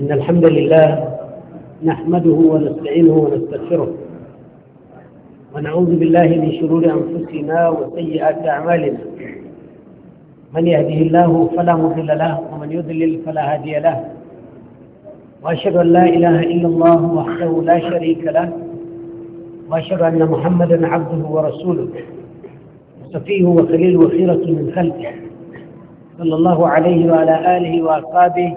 إن الحمد لله نحمده ونستعينه ونستغفره ونعوذ بالله من شرور أنفسنا وسيئات أعمالنا من يهده الله فلا مضل له ومن يضلل فلا هادي له وأشهد أن لا إله إلا الله وحده لا شريك له وأشهد أن محمدا عبده ورسوله وصفيه وخليل وخيرة من خلقه صلى الله عليه وعلى آله وأصحابه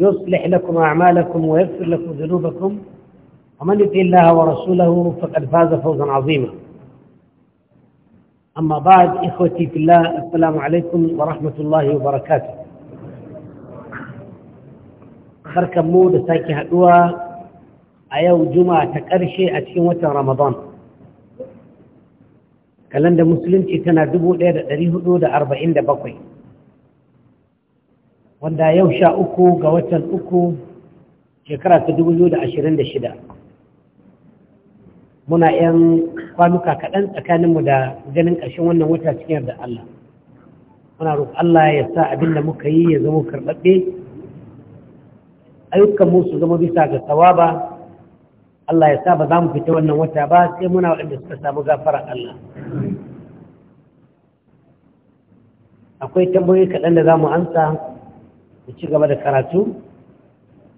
يصلح لكم أعمالكم ويغفر لكم ذنوبكم ومن يطع الله ورسوله فقد فاز فوزا عظيما أما بعد إخوتي في الله السلام عليكم ورحمة الله وبركاته خركم مود ساكي هدوى أيو جمعة تكرشي أتكين وتر رمضان كلام ده مسلم تنا دبو ده ده ده أربعين ده بقوي wanda yau sha uku ga watan uku shekara ta dubu biyu da ashirin da shida muna yan kwanuka kaɗan tsakaninmu da ganin ƙarshen wannan wata cikin yadda Allah muna roƙon Allah ya sa abin da muka yi ya zama karɓaɓɓe ayyukanmu su zama bisa ga tsawaba? Allah ya sa ba za mu fita wannan wata ba sai muna waɗanda suka samu gafara Allah akwai tambayoyi kaɗan da za mu ansa da ci gaba da karatu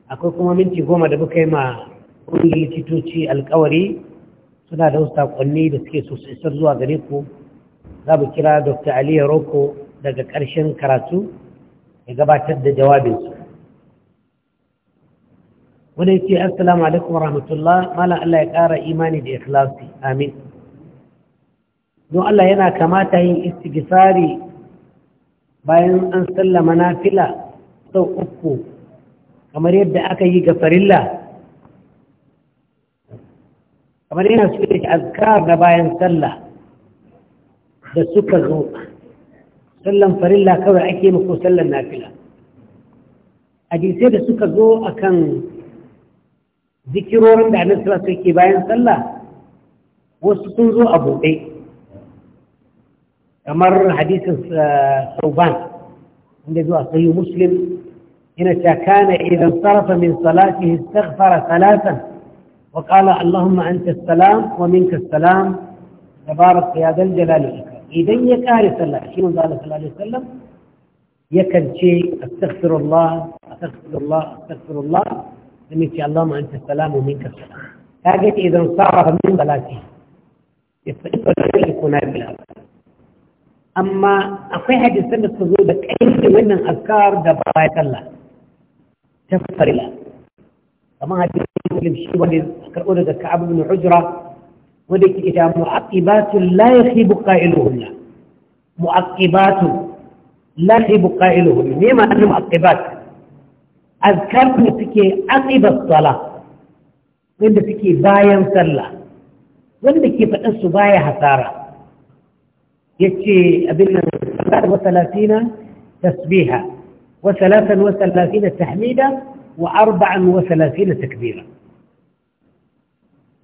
akwai kuma minti goma da muka yi ma ƙungiyar titoci alkawari suna da wasu saƙonni da suke so su zuwa gare ku za mu kira dr ali roko daga ƙarshen karatu ya gabatar da jawabinsu Wani ce, assalamu alaikum rahmatullah Malam Allah ya ƙara imani da ikhlasi amin don Allah yana kamata yin istigisari bayan an sallama nafila sau uku kamar yadda aka yi ga farilla kamar yana su yake azkar na bayan sallah da suka zo sallan farilla kawai ake mako sallan nafila hadisai da suka zo akan zikirorin da annabi sallallahu ke bayan sallah wasu sun zo a buɗe kamar hadisin eh, sauban inda zuwa sayi muslim هنا كان إذا انصرف من صلاته استغفر ثلاثا وقال اللهم أنت السلام ومنك السلام تبارك يا ذا الجلال والإكرام إذا يكاري صلى شنو قال صلى الله عليه وسلم يكن شيء أستغفر الله أستغفر الله أستغفر الله أنك اللهم أنت السلام ومنك السلام هذا إذا انصرف من صلاته يستغفر يكون بالله أما akwai حديث سنة suka zo da ƙarfi wannan askar ta farila kamar hadisi da shi wanda karɓo daga ka'ab ibn hujra wanda yake ta mu'aqibatun la yakhibu sala wanda bayan wanda ke faɗin su baya hasara yace abin nan 37 tasbiha وثلاثا وثلاثين تحميدا وأربعا وثلاثين تكبيرا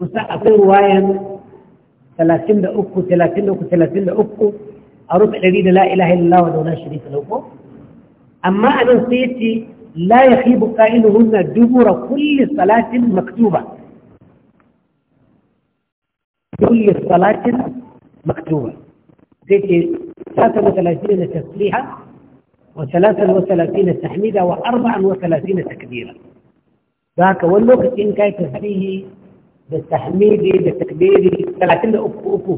وسأقول رواية ثلاثين لأكو ثلاثين لأكو ثلاثين لأكو أروف الذين لا إله إلا الله ولا شريك له أما أنا سيتي لا يخيب قائلهن دبر كل صلاة مكتوبة كل صلاة مكتوبة سيتي ثلاثة وثلاثين تسليحة وثلاثا وثلاثين تحميدا وأربعا وثلاثين تكبيرا ذاك واللوقت إن كان تسبيه بالتحميد بالتكبير ثلاثين أفو أفو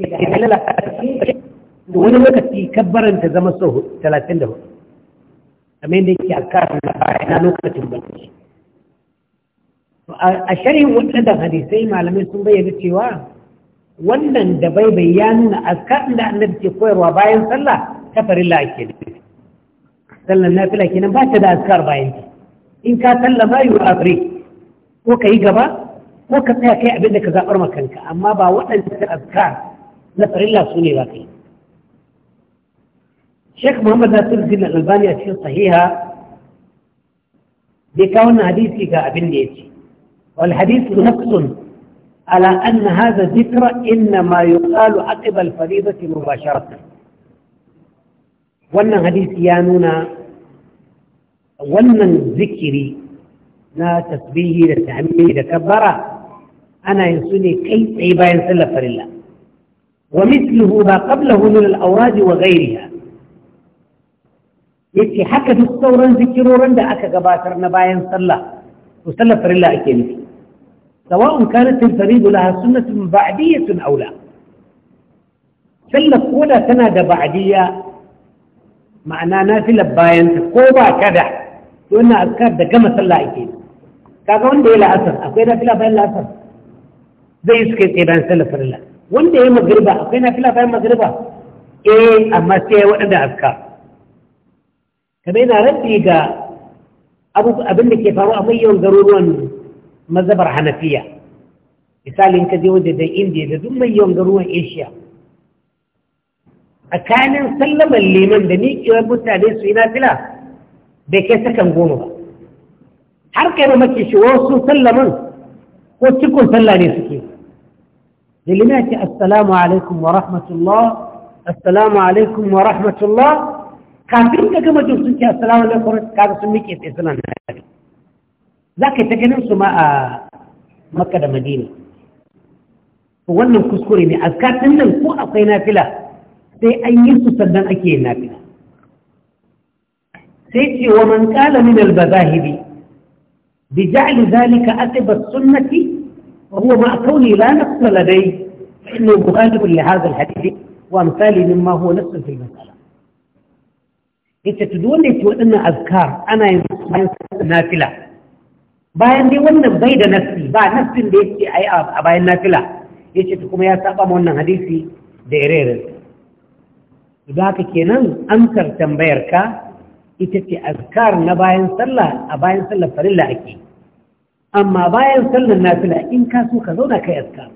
إذا لا wani lokaci kabbaran ta zama sau talatin da hudu kamar yadda yake a karin da na lokacin barci a shari'in waɗannan hadisai malamai sun bayyana cewa wannan da bai ya nuna askarin da annabi ke koyarwa bayan sallah ta farilla ake nufi sallan nafila kenan ba ta da askar bayan ta in ka sallama yi afri ko ka yi gaba ko ka tsaya kai abin da ka zaɓar makanka amma ba waɗanda askar na farilla su ne ba kai. yi Sheikh Muhammad Nasiruddin Al-Albani a cikin sahiha bai kawo wannan hadisi ga abin da ya ce wal hadisu nafsun على أن هذا ذكر إنما يقال عقب الفريضة مباشرة wannan hadisi ya nuna wannan zikiri na tasbihi da tahmidi da kabbara ana yin su ne kai tsaye bayan sallar farilla wa mithluhu ba qablahu min al-awrad wa ghayriha yace haka duk sauran zikirorin da aka gabatar na bayan sallah to sallar farilla ake nufi sawa'un kanat al-faridu laha sunnatun ba'diyatun aw la sallar koda tana da ba'diyya ma'ana na bayan ta ko ba kada wannan askar da gama sallah ake kaga wanda ya la'asar akwai na fi bayan la'asar zai yi suka tsaye bayan sallah farilla wanda ya magriba akwai na fi bayan magriba eh amma sai ya waɗanda aska kada yana rabbi ga abin da ke faru a mayan garuruwan mazhabar hanafiya misalin ka je wajen da indiya da duk mayan garuruwan asia A tsakanin sallaman liman da miƙewar mutane su yi nafila bai kai sakan goma ba har kai mamaki shi wasu sallaman ko cikin sallah ne suke da lima ce assalamu alaikum wa rahmatullah assalamu alaikum wa rahmatullah kafin ka gama jin sun ce assalamu alaikum kaga sun miƙe tsaye suna nafila za ka yi ta ganin su ma a makka da madina wannan kuskure ne a nan ko akwai nafila sai an yi su sannan ake yin nafila sai ce wa man qala min al-bazahiri bi ja'li zalika aqiba sunnati wa huwa ma kauni la nafsa ladai fa inna mukhalif li hadha al-hadith wa amsali mimma huwa fi al-mas'ala to dole ce azkar ana yin bayan nafila bayan dai wannan bai da nafsi ba nafsin da yake ai a bayan nafila yace to kuma ya saba wa wannan hadisi da ire za ka kenan amsar tambayarka ita ce azkar na bayan sallah a bayan sallah farilla ake amma bayan sallar nafila in ka so ka zauna kai azkar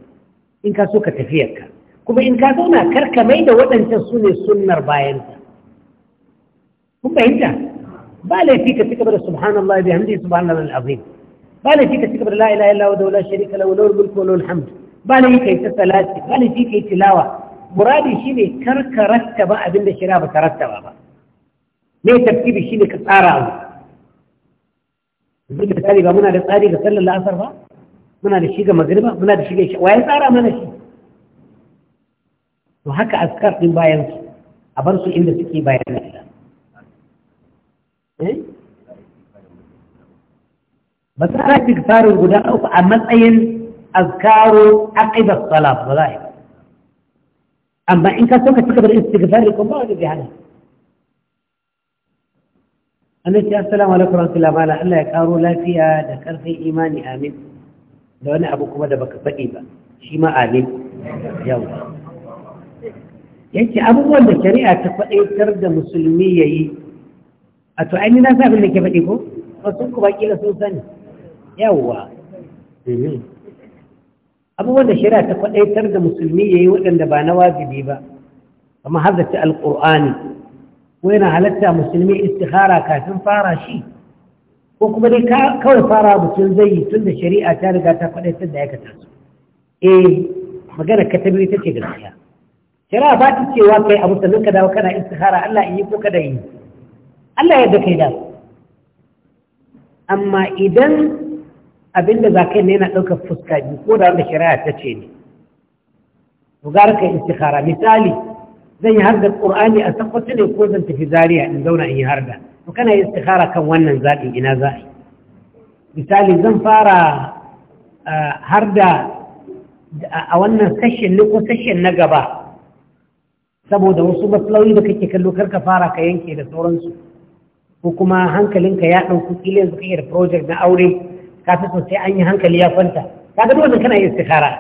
in ka so ka tafiyar ka kuma in ka zauna karka mai da waɗancan su ne sunnar bayan ta kun fahimta ba laifi ka cigaba da subhanallah bi hamdi subhanallah al-azim ba laifi ka cigaba da la ilaha illallah wa la sharika lahu lahul mulku wa lahul hamd ba laifi kai ta salati ba laifi kai tilawa muradi shi ne kar ka rattaba abin da shari'a ba ta rattaba ba me tartibi shi ne ka tsara abu yanzu tsari ba muna da tsari ga sallar la'asar ba muna da shi ga magriba muna da shi ga isha waye tsara mana shi to haka askar din bayan su a bar su inda suke bayan na Allah eh? ba tsara sa rafi farin guda uku a matsayin azkaro aqibat salat ba za a yi amma in ka so ka cika da istighfari ko ba Wani zai hana annabi assalamu alaikum warahmatullahi wabarakatuh Allah ya karo lafiya da karfin imani amin da wani abu kuma da baka faɗi ba shi ma amin yawa yake abubuwan da shari'a ta faɗaitar da musulmi yayi a to ni na sabin abin da ke faɗi ko wasu baki da sun sani yawa mhm. abubuwan da shari'a ta faɗaitar da musulmi ya yi waɗanda ba na wajibi ba kamar ta alƙur'ani ko yana halatta musulmi istihara kafin fara shi ko kuma dai kawai fara mutum zai yi tun da shari'a ta riga ta faɗaitar da aikata su eh magana ka ta biyu ta ce gaskiya shari'a ba ta cewa kai a musulmin ka dawo kana istihara Allah in yi ko kada yi Allah yadda kai da amma idan Abin da zakai ne yana ɗaukar fuska biyu ko da wanda shari'a ta ce ne to gara yi istikhara misali zan yi harda qur'ani a tabbata ne ko zan tafi Zariya in zauna in yi harda to kana yi istikhara kan wannan zaɓin ina za a yi misali zan fara harda a wannan sashen ne ko sashen na gaba saboda wasu matsaloli da kake kallo kar ka fara ka yanke da sauransu ko kuma hankalinka ya ɗauki ƙila yanzu kake da project na aure ka fi sai an yi hankali ya kwanta ka ga dole kana yin istikhara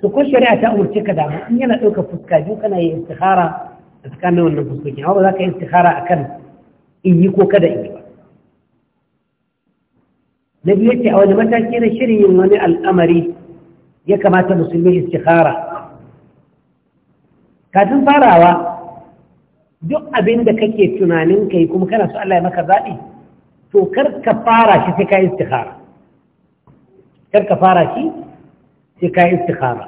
to ko shari'a ta umarci ka da in yana ɗaukar fuska biyu kana yin istikhara a tsakanin wannan fuskokin amma ba za ka yi istikhara kan in yi ko kada in yi ba na biyu ce a wani mataki na shirin wani al'amari ya kamata musulmi istikhara kafin farawa duk abin da kake tunanin kai kuma kana so Allah ya maka zaɓi to kar ka fara shi sai ka istikhara kar ka fara shi sai ka istikhara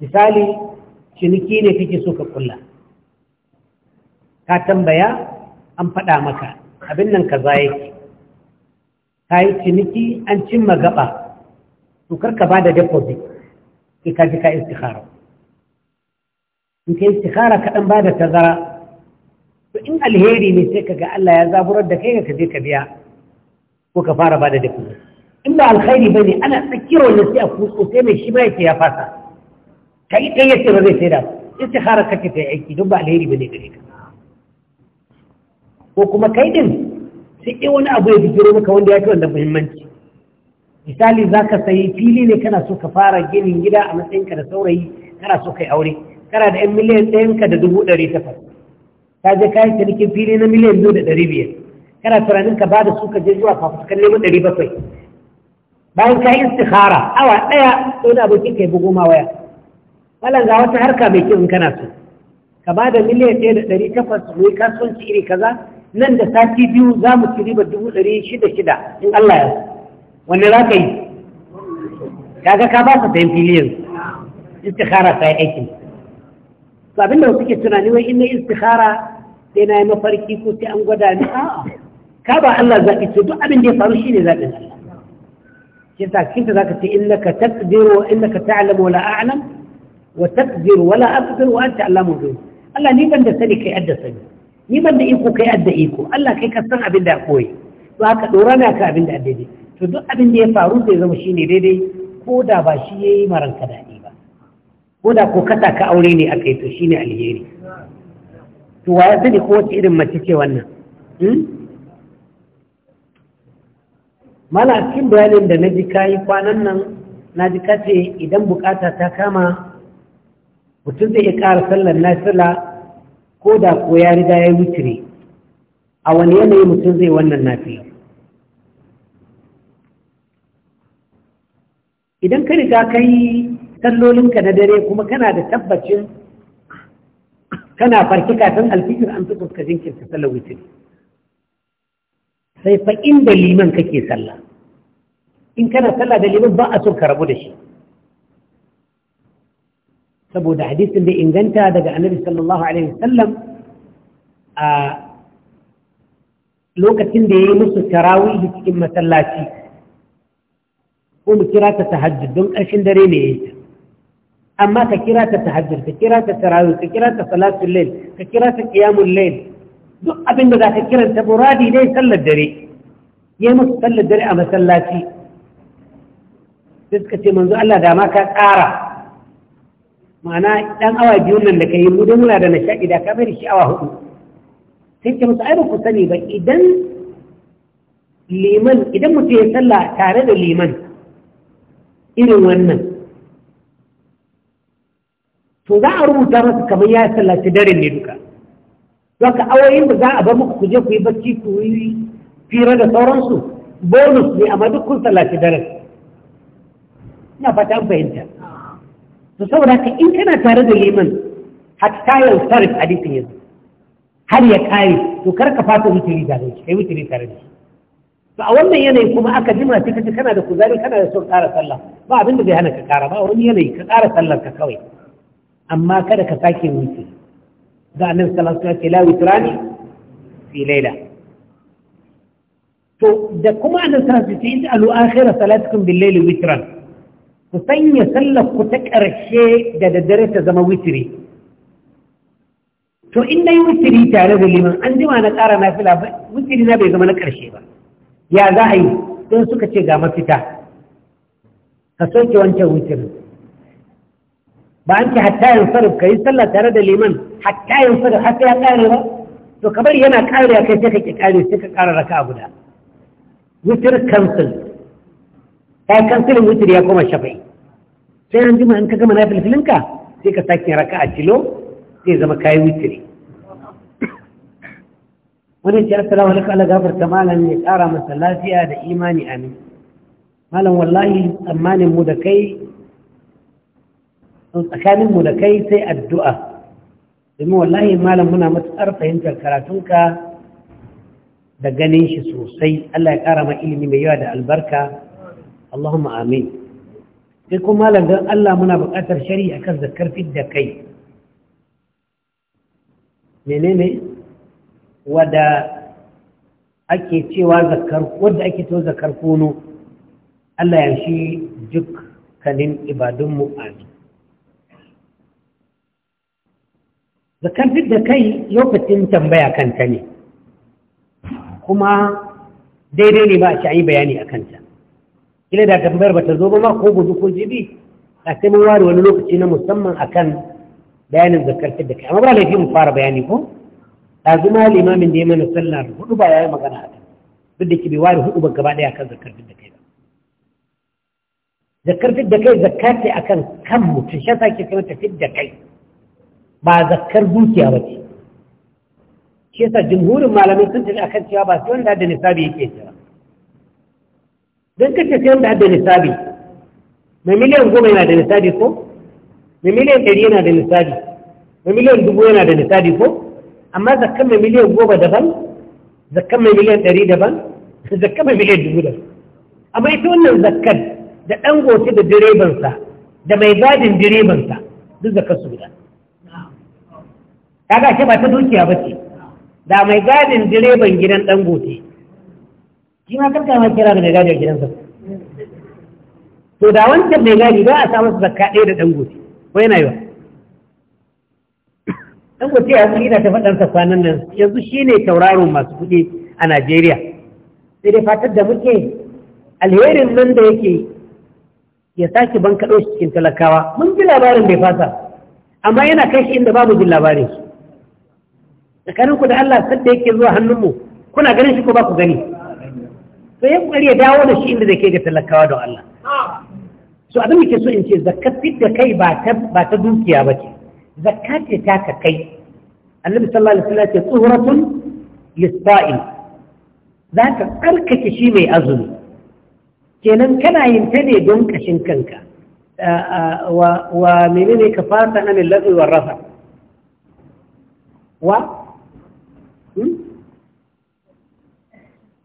misali ciniki ne kake so ka kulla ka tambaya an faɗa maka abin nan kaza yake ka yi ciniki an cimma gaba to kar ka bada deposit sai ka ji ka istikhara in ka istikhara ka dan bada tazara to in alheri ne sai kaga Allah ya zaburar da kai ka je ka biya ko ka fara bada dafi in ba alkhairi bane ana tsakiyar wanda sai a kuso sai mai shi ba yake ya fasa kai kai yace ba zai sai da istikhara kake ta aiki don ba alheri bane gare ka ko kuma kai din sai dai wani abu ya bijiro maka wanda ya fi wanda muhimmanci misali za ka sayi fili ne kana so ka fara ginin gida a matsayinka da saurayi kana so kai aure kana da 'yan miliyan ɗayanka da dubu ɗari takwas ka je kayan cinikin fili na miliyan biyu da ɗari biyar kana tunanin ka da su ka je zuwa fafutukan neman ɗari bakwai bayan ka yi istikhara awa ɗaya ko da abokin ka yi bugu ma waya malam ga wata harka mai kyau in kana so ka ba da miliyan ɗaya da ɗari takwas mu yi kasuwanci iri kaza nan da sati biyu za mu ci riba dubu ɗari shida shida in Allah ya wanne za ka yi kaga ka ba su sayan filiyan istikhara yi aikin ba abinda wasu ke tunani wai inda istikhara sai na yi mafarki ko sai an gwada ni a'a ka ba Allah zaɓi ce duk abin da ya faru shine zaɓin Allah shi yasa kinta zaka ce innaka taqdiru wa innaka ta'lamu wa la a'lam wa taqdiru wa la aqdiru wa anta allamu ghayb Allah ni ban da sani kai adda sani ni ban da iko kai adda iko Allah kai ka san abin da koyi to haka dora na ka abin da daidai to duk abin da ya faru zai zama shine daidai ko da ba shi yayi maranka dai ko da ko kasa ka aure ne a kai to shine alheri to wa sani ko wace irin mace ce wannan hmm? mana cikin bayanin da na ji kayi kwanan nan na ji kace idan bukata ta kama mutum zai iya ƙara sallar nafila ko da ko ya riga ya wuce a wani yanayi mutum zai wannan nafi idan ka riga ka yi sallolinka na dare kuma kana da tabbacin kana farki kafin alfijir an fi ka jinkirta sallar witr sai fa inda liman kake sallah in kana sallah da liman ba a so ka rabu da shi saboda hadisin da inganta daga annabi sallallahu alaihi wasallam a lokacin da ya yi musu tarawihi cikin masallaci ko mu kira ta tahajjud don ƙarshen dare ne ya yi amma ka kira ta tahajjud ka kira ta tarawih ka kira ta salatul layl ka kira ta qiyamul layl duk abin da zaka kira ta muradi dai sallar dare yayi musu sallar dare a masallaci sai ce manzo Allah da ma ka ƙara ma'ana dan awa biyu nan da kai mu da muna da nishadi da ka bari shi awa hudu sai ce musu ai ba ku sani ba idan liman idan mutum ya sallah tare da liman irin wannan to za a rubuta masa kamar ya sallaci dare ne duka don ka awoyin da za a bar muku kuje ku yi bacci ku yi fira da sauransu bonus ne amma duk kun sallaci dare ina fata an fahimta to saboda haka in kana tare da liman hatta yau sarif hadisin yanzu har ya kare to kar ka fata wuturi tare da shi kai wuturi tare da shi to a wannan yanayi kuma aka jima sai kace kana da kuzari kana da son ƙara sallah ba abin da zai hana ka ƙara ba wani yanayi ka ƙara sallar ka kawai amma kada ka sake wuce ga nan sallallahu alaihi wasallam ce la fi laila to da kuma annabi sallallahu ta wasallam alu akhira salatukum bil layli witran ku sanya sallar ku ta ƙarshe da daddare ta zama witri to in nayi witri tare da liman an jima na ƙara nafila witri na bai zama na karshe ba ya za a yi don suka ce ga mafita ka soke wancan witrin ba an ce hatta yin sarraf ka yi sallah tare da liman hatta yin sarraf har ya kare ba to kamar yana kare kai sai ka ki kare sai ka kara raka guda witir kansil ta kansilin witir ya koma shafa'i sai an jima in ka gama nafilfilinka sai ka sake raka a kilo sai zama kayi witiri wani ce assalamu alaikum Allah gafarta malam ya kara masa lafiya da imani amin malam wallahi tsammanin mu da kai don tsakaninmu da kai sai addu'a domin wallahi malam muna matuƙar fahimtar karatunka da ganin shi sosai Allah ya ƙara ma ilimi mai yawa da albarka Allahumma amin sai kuma malam don Allah muna buƙatar shari'a kan zakar da kai menene wada ake cewa zakar wadda ake to zakar kono Allah ya shi dukkanin ibadunmu amin zakan fit da kai lokacin tambaya kanta ne kuma daidai ne ba a ci yi bayani a kanta kila da tambayar ba ta zo ba ma ko guzu ko jibi a sai mun ware wani lokaci na musamman akan bayanin zakar fit da kai amma ba laifi mu fara bayani ko ɗazu ma limamin da ya mana sallar hudu ba ya yi magana a kan duk da ke bai ware hudu ba gaba ɗaya akan zakar fit da kai ba zakar fit da kai zakka ce akan kan mutum shi yasa ke kamata fit da kai ba zakkar dukiya ba ce shi yasa jimhurin malamin sun tafi akan cewa ba sai wanda da nisabi yake ba don kace sai wanda da nisabi mai miliyan goma yana da nisabi ko mai miliyan ɗari yana da nisabi mai miliyan dubu yana da nisabi ko amma zakkan mai miliyan goma daban zakkan mai miliyan ɗari daban zakkan mai miliyan dubu daban amma ita wannan zakkan da ɗan goce da direbansa da mai gadin direbansa duk zakkan su guda kaga ashe ba ta dukiya ba ce da mai gadin direban gidan dangote shi ma karka ma kira da mai gadin gidansa to da wancan mai gadi ba a samu zakka ɗaya da dangote ko yana yi ba dangote ya sun ina ta sa kwanan nan yanzu shi ne tauraron masu kuɗi a najeriya sai dai fatar da muke alherin nan da yake ya sake banka shi cikin talakawa mun ji labarin bai fasa amma yana kai shi inda babu jin labarin shi tsakaninku da Allah sadda yake zuwa hannunmu kuna ganin shi ko ba ku gani to ya kokari ya dawo da shi inda zai kai ga talakawa don Allah so abin da ke so in ce zakati da kai ba ta dukiya ba ce zakati ta ka kai annabi sallallahu alaihi wasallam ya ce tsuhuratun lisba'in za ka tsarkake shi mai azumi kenan kana yin ta ne don kashin kanka wa menene ka fasa na lillahi wa rasa wa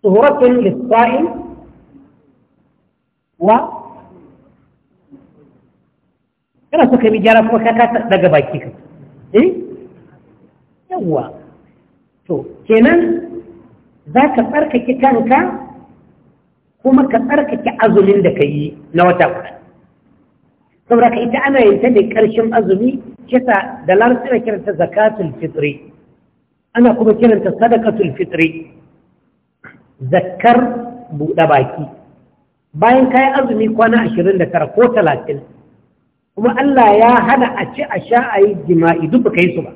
صهرة للصائم و kana so ka bi gyara kuma ka kasa baki ka eh yawwa to kenan za ka tsarkake kanka kuma ka tsarkake azumin da ka yi na wata guda saboda ka ita ana yin ta ne ƙarshen azumi kisa da larsunan ta zakatul fitri ana kuma kiranta sadakatul fitri zakkar buɗe baki bayan kayan azumi kwana ashirin da tara ko talatin kuma Allah ya hana a ci a sha a yi jima'i duk baka yi su ba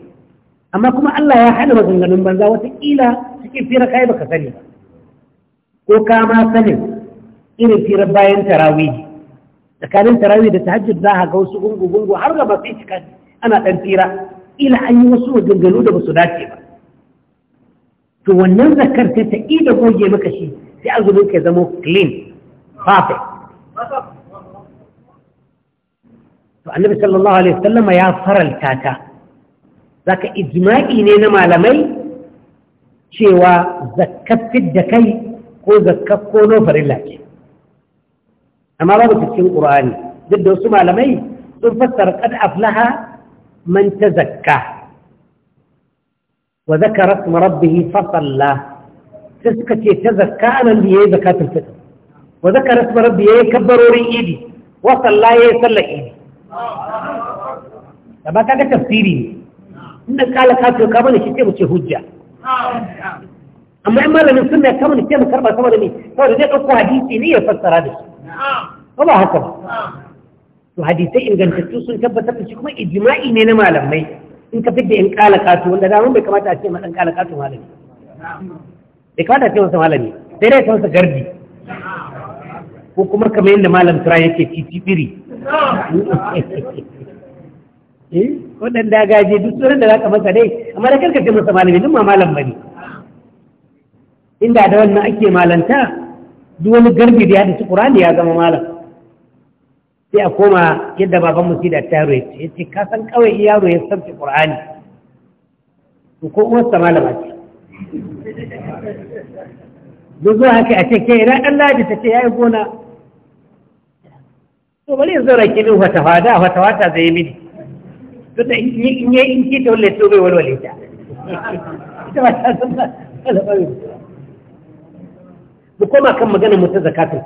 amma kuma Allah ya hana maganganun banza wataƙila cikin fira kayi baka sani ba ko ka ma sanin irin fira bayan tarawih tsakanin tarawih da tahajjud za a ga wasu gungu-gungu har ga masu cika ana ɗan fira ila an yi wasu maganganu da ba su dace ba to wannan zakar sai ta ida goge maka shi sai azumin ka zama clean perfect to annabi sallallahu alaihi wasallam ya faralta ta zaka ijma'i ne na malamai cewa zakkar da kai ko zakkar ko no farilla ce amma babu cikin qur'ani duk da wasu malamai sun fassara qad aflaha man tazakka وذكر اسم ربه فصلى تسكت يتذكر كان اللي هي زكاة الفطر وذكر اسم ربه يكبر ايدي وصلى يصلى ايدي لما كان تفسيري ان قال كافر كمان شيء مش حجه اما اما لما نسمع كمان شيء مكرب سما لي صار ده اكو حديث ني يفسر هذا الشيء نعم الله اكبر الحديثين كان تسوسن كبتك شيء كما اجماعي من المعلمين in ka fidda in kala katu wanda da mun bai kamata a ce ma kala katu malami bai kamata a ce masa malami sai dai ta gardi ko kuma kamar yadda malam tura yake titi biri eh da gaje duk tsoron da za ka masa dai amma da karka ce masa malami duk ma malam bane inda da wannan ake malanta duk wani garbi da ya tafi Qur'ani ya zama malam sai a koma yadda baban musu da taro ya ce ya ce ka san kawai yaro ya sauke ƙur'ani to ko uwarsa malama ce duk zuwa haka a ce ke ina ɗan ladi ta ce ya yi gona to bari ya zaura ke min fatawa fada fatawa ta zai mini to da in yi in ki ta wale to bai walwale ta ita ba ta san ba mu koma kan magana mu ta zakatun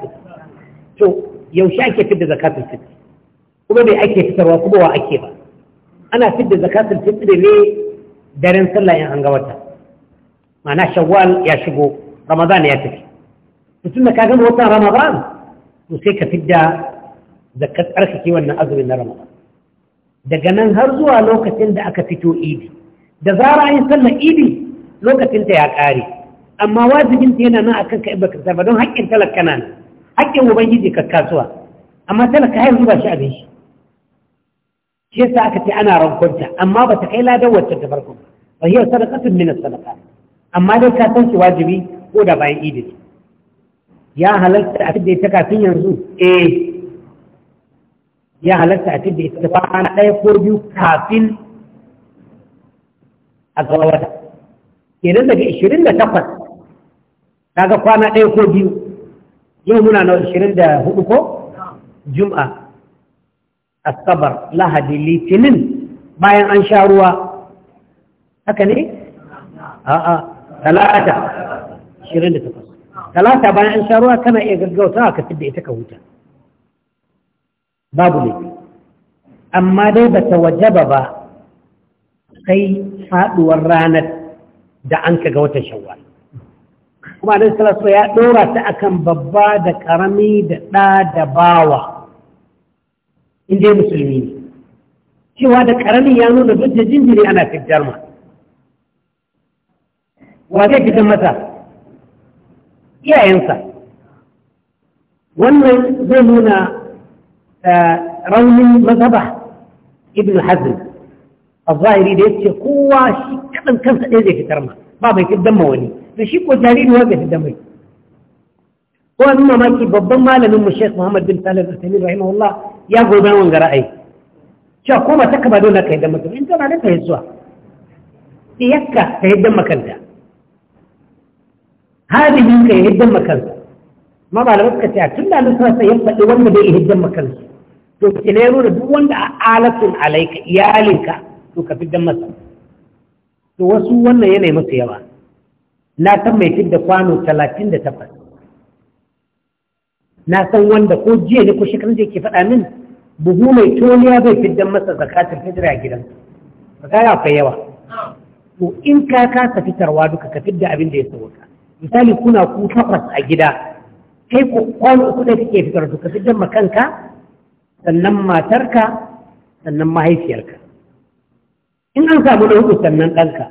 to yaushe ake fidda zakatul fitr kuma bai ake fitarwa kuma wa ake ba ana fidda zakatul fitr ne daren sallah in an ga wata ma'ana shawwal ya shigo ramadan ya tafi mutum da ka gama watan ramadan to sai ka fidda zakat tsarkake wannan azumin na ramadan daga nan har zuwa lokacin da aka fito idi da zara yin sallar idi lokacin ta ya ƙare amma wajibinta yana nan akan ka ibaka ba don haƙƙin talaka haƙƙin ubangiji ka kasuwa amma ka har ba shi abin shi shi yasa aka ce ana rankunta amma ba ta kai ladan wacce ta farko ba hiyar sadaqatun min sadaqa amma dai ka san shi wajibi ko da bayan idi ne ya halarta a tidda ita kafin yanzu eh ya halarta a tidda ita kwana ɗaya ko biyu kafin a tsawon wata kenan daga 28 kaga kwana ɗaya ko biyu yau muna na 24 ko jum'a asabar lahadi litinin bayan an sha ruwa haka ne a'a talata 28 talata bayan an sha ruwa kana iya gaggauta gaggautawa ka da ita ka huta babu ne amma dai ba ta wajaba ba sai faduwar ranar da an kaga watan shawwal kuma alaihi salatu ya ɗora ta akan babba da ƙarami da ɗa da bawa inda musulmi ne cewa da ƙarami ya nuna duk da jinjiri ana fitar ma wa zai fitar masa iyayensa wannan zai nuna eh, raunin mazhaba ibn hazm zahiri da yace kowa shi kadan kansa ɗaya zai fitar ma ba bai fi damma wani da shi ko jariri wanda damma mai ko abin mamaki babban malamin mu Sheikh Muhammad bin talib Al-Uthaymeen rahimahullah ya gobe wanga ra'ayi cewa ko ba ta kaba dole ka damma mutum in tana da ta zuwa sai yakka ta yadda makanta hadihin ka yi damma makanta ma da suka a tun da Allah sai ya faɗi wanda bai damma makanta to kina yaro da duk wanda a alatun alaika iyalinka to ka fi damma sa to wasu wannan yanayi masu yawa na san mai fidda kwano talatin da takwas na san wanda ko jiya ne ko shekaru da ke faɗa min buhu mai toniya bai fidda masa zakatar fitar a gidan ka, ka akwai yawa to in ka kasa fitarwa duka ka fidda abin da ya sauka misali kuna ku takwas a gida kai ku kwano uku ɗaya kake fitar duka fidda ma kanka sannan matarka sannan mahaifiyarka in an samu na hudu sannan ɗanka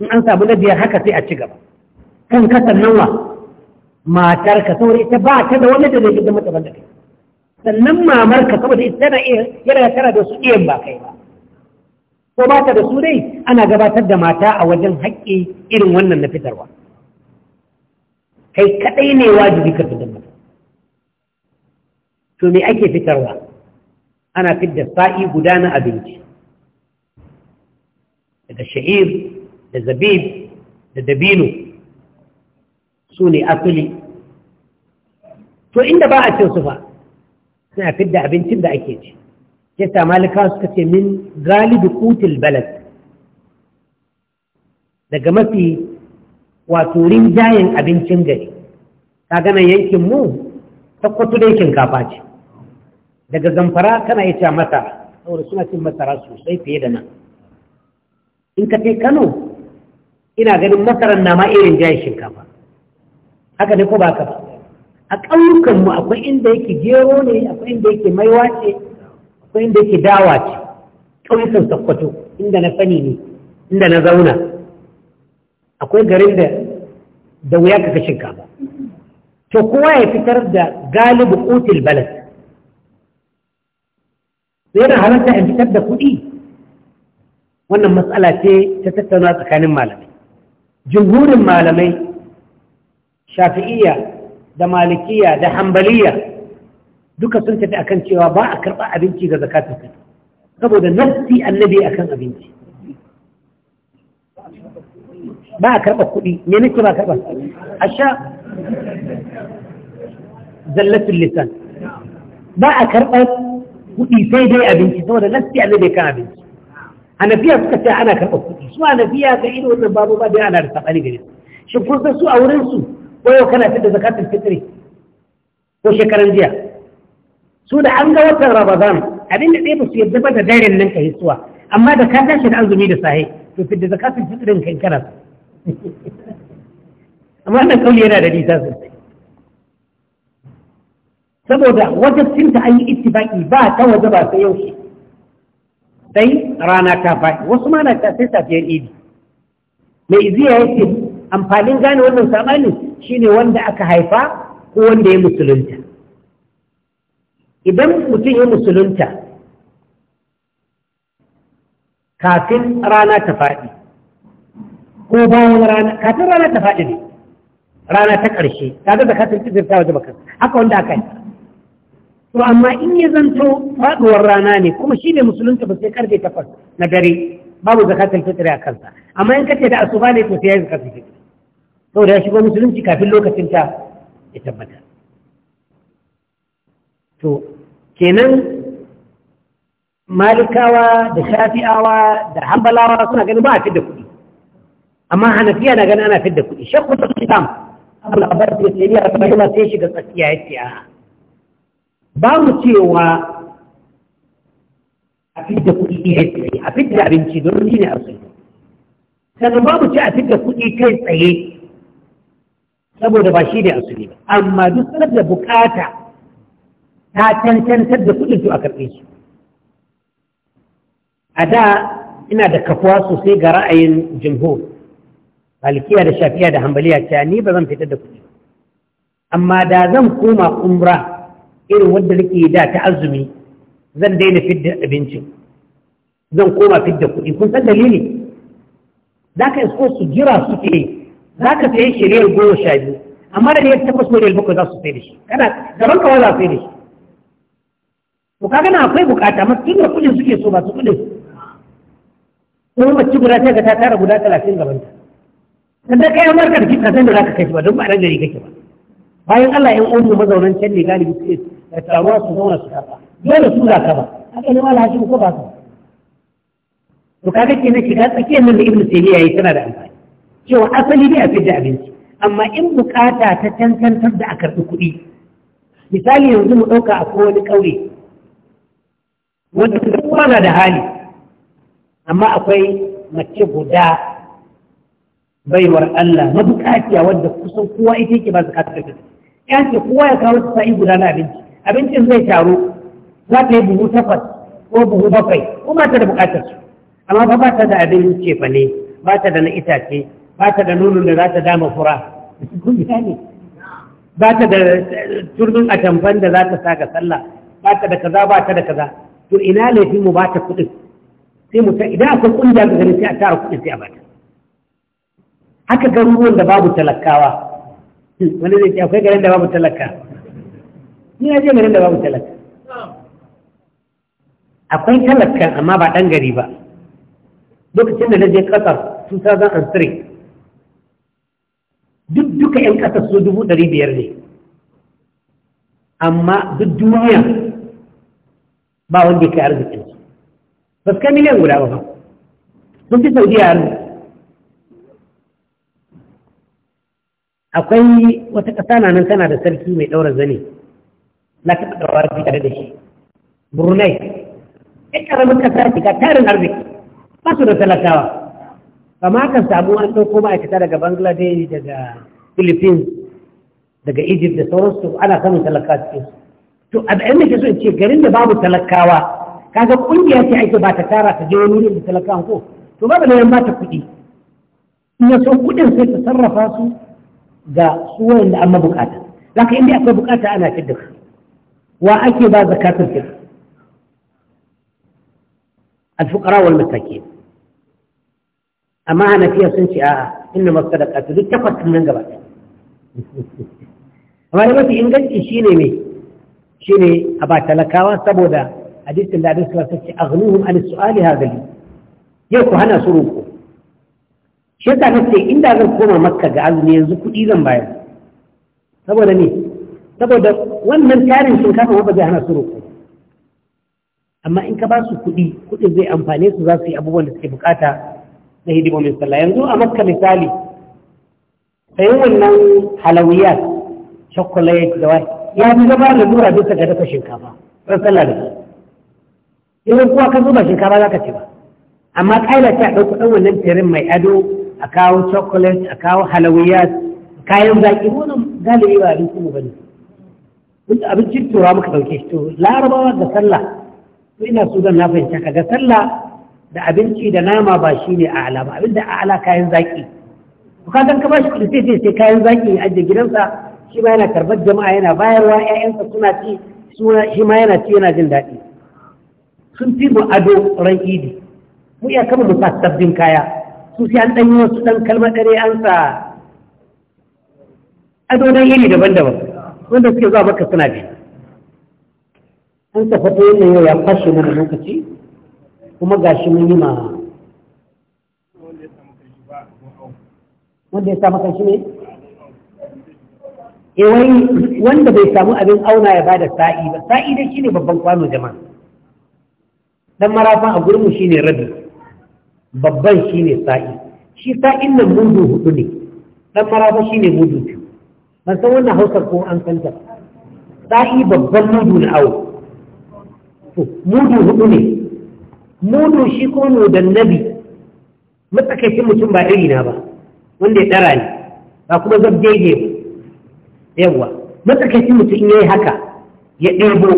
in an samu na biyar haka sai a ci gaba kan ka sannan wa matarka saboda ita ba ta da wani da zai gida mata banda kai sannan mamarka saboda ita tana iya yana tara da su iyan ba kai ba ko ba ta da su dai ana gabatar da mata a wajen haƙƙi irin wannan na fitarwa kai kaɗai ne wajibi ka fitar mata to me ake fitarwa ana fitar sa'i guda na abinci daga sha'ir da zabib da dabino su ne asali to inda ba a cin su fa suna fidda abincin da ake ci ya sa malika suka ce min galibi kutil balad daga mafi wato rinjayen abincin gari ta gana yankin mu ta kwatu yankin shinkafa ce daga zamfara kana ya ce masara saboda suna cin masara sosai fiye da nan in ka kai kano ina ganin masarar na ma irin jayin shinkafa haka ne ko ba ka ba a ƙauyukanmu akwai inda yake gero ne akwai inda yake maiwa ce akwai inda yake dawa ce ƙauyukan sakkwato inda na sani ne inda na zauna akwai garin da da wuya kaka shinkafa to kowa ya fitar da galibu kutil balas yana halatta in fitar da kuɗi wannan matsala ce ta tattauna tsakanin malamai jumhurin malamai shafi'iyya da malikiya da hambaliya duka sun tafi akan cewa ba a karɓa abinci ga zakatun fitr saboda nassi annabi akan abinci ba a karɓa kuɗi me nake ba karɓa a sha zallatun lisan ba a karɓar kuɗi sai dai abinci saboda nassi annabi kan abinci hanafiya suka ce ana karɓar kuɗi su hanafiya ga ido wannan babu ba da ana da sabani gare su shi kun san su a wurin su wayo kana fitar zakatul fitri ko shekaran jiya su da an ga watan ramadan abin da ɗaya ba su yadda ba da dairin nan ka yi suwa amma da ka tashi da azumi da sahi to fi da zakatun fitrin kan kana amma nan kauli yana da nisa sosai saboda wajen cinta an yi ittibaki ba ta waje ba sai yaushe sai rana ta faɗi wasu ma na sai safiyar idi mai iziya ce amfanin gane wannan saɓani shine wanda aka haifa ko wanda ya musulunta idan mutum ya musulunta kafin rana ta faɗi ko bayan rana kafin rana ta faɗi ne rana ta ƙarshe ta da da ta waje wajen haka wanda aka yi to amma in ya zanto faduwar rana ne kuma shi ne musulunta ba sai karfe takwas na dare babu zakatul fitri a kansa amma in kace da asuba ne to sai ya zakatul fitri to da shigo musulunci kafin lokacin ta ya tabbata to kenan malikawa da shafi'awa da hambalawa suna ganin ba a fidda kuɗi amma hanafiya na ganin ana fidda kuɗi shakku ta islam abu labar da ya ta ya rabu sai shiga tsakiya ya ce a'a babu cewa a fidda kuɗi kai tsaye a fidda abinci don shi ne arziki sannan babu ce a fidda kuɗi kai tsaye saboda ba shi ne asali ba amma duk sanar da bukata ta cancantar da kuɗin su a karɓe su a da ina da kafuwa sosai ga ra'ayin jimhur malikiya da shafiya da hambaliya ta ni ba zan fitar da kuɗi amma da zan koma umra irin wanda nake da ta azumi zan daina fidda abincin zan koma fidda kuɗi kun san dalili za ka iso su jira suke ke za ka sayi shiriyar goma sha biyu amma da ya takwas ko bakwai za su sai da shi kana gaban kawai za su sai da shi to kaga na akwai bukata amma tun da kuɗin suke so ba su kuɗin kuma mace guda ta ga ta tara guda talatin gabanta dan da kai amurka da kika san da za ka kai ba don ba a ɗan gari kake ba bayan Allah ya umu mazaunan can ne galibi su da taruwa su zauna su karɓa dole su za ka ba haka ne mala hashim ko ba ka to kaga kenan shiga tsakiyar nan da ibnu taymiya yayi tana da amfani cewa asali ne a fidda abinci amma in bukata ta tantantar da a karɓi kuɗi misali yanzu mu ɗauka a kowane ƙauye wanda kuma na da hali amma akwai mace guda baiwar Allah mabukaciya wadda kusan kowa ita yake ba su kasa da ya ce kowa ya kawo sa'i guda na abinci abincin zai taru za ta yi buhu takwas ko buhu bakwai ko ba ta da bukatar su amma ba ba ta da abin cefa ne ba ta da na itace ba ta da nonon da za ta dama fura ba ta da eh, turbin atamfan da za ta sa ga sallah ba ta da kaza ba ta da kaza to ina laifin mu ba ta kuɗin sai mu ta idan akwai ƙungiya da gani sai a tara kuɗin sai a bata haka garuruwan da babu talakawa wani zai ce akwai garin da babu talakawa. ni ya je garin da babu talaka akwai talaka amma ba ɗan gari ba lokacin da na je ƙasar 2003 duk duka 'yan ƙasar su dubu ɗari biyar ne amma duk duniya ba wanda ya kai arzikin su ba su kai miliyan guda ba ba sun fi saudiya arziki akwai wata ƙasa na nan tana da sarki mai ɗaura zane na taɓa da wazi tare da shi brunei ya ƙaramin ƙasa ce ga tarin arziki ba su da talakawa amma kan samu wani ɗauko ma'aikata daga bangladesh daga philippines daga egypt da sauransu ana samun talakawa cikin to a da ke so in ce garin da babu talakawa kaga ƙungiya ce ake ba ta tara ta je wani da talakawa ko to ba da nan ba ta kuɗi in ya so kuɗin sai ta sarrafa su ga su wanda an mabukata zaka inda akwai bukata ana fidda wa ake ba zakatun fitr al-fuqara wal mataki amma ana fiye sun ce a inna masadaka ta duk takwas nan gaba amma da mafi inganci shi ne shine a ba talakawa saboda hadisin da hadisin sun ce aghnuhum an su'ali hadha li yau ku hana su roƙo shi ta nace inda zan koma makka ga azumi yanzu kudi zan bayar saboda ne saboda wannan tarin shinkafa ba zai hana su roƙo amma in ka ba su kuɗi kuɗin zai amfane su za su yi abubuwan da suke bukata na mai sallah yanzu a makka misali sayan wannan halawiyat chocolate da wai ya fi zama da zura bisa ga dafa shinkafa ran sallah da yanzu kuwa ka zuba shinkafa za ka ci ba amma ƙaila ta ɗauka ɗan wannan tirin mai ado a kawo chocolate a kawo halawiyat kayan zaƙi wannan galibi ba abinci mu ne. duk abincin turawa muka ɗauke to larabawa da sallah to ina so zan na fahimta ga sallah da abinci da nama ba shi ne a alama. abinda a ala kayan zaƙi bukatan ka bashi kuɗi sai sai kayan zaƙi ya ajiye gidansa shi ma yana karɓar jama'a yana bayarwa ƴaƴansa suna ci shi ma yana ci yana jin daɗi sun fi mu ado ran idi mu iya kama mu sabbin kaya su sai an ɗanyi wasu ɗan kalmar ɗare an sa ado don iri daban-daban wanda suke zuwa maka suna bi an tafato yin yau ya fashe mana lokaci kuma gashi mun yi ma wanda ya samu shi ne e wai wanda bai samu abin auna ya bada sa'i ba sa'i dai shine babban kwano jama'a dan marafan a gurin mu shine rabi babban shine sa'i shi sa'in nan mudu hudu ne dan marafan shine mudu biyu ban san wannan hausar ko an san sa'i babban mudu na awo to mudu hudu ne mudu shi ko mudan nabi matsakaicin mutum ba iri na ba wanda ya dara ne ba kuma zab daidai ba yawwa matsakaicin mutum in yayi haka ya ɗebo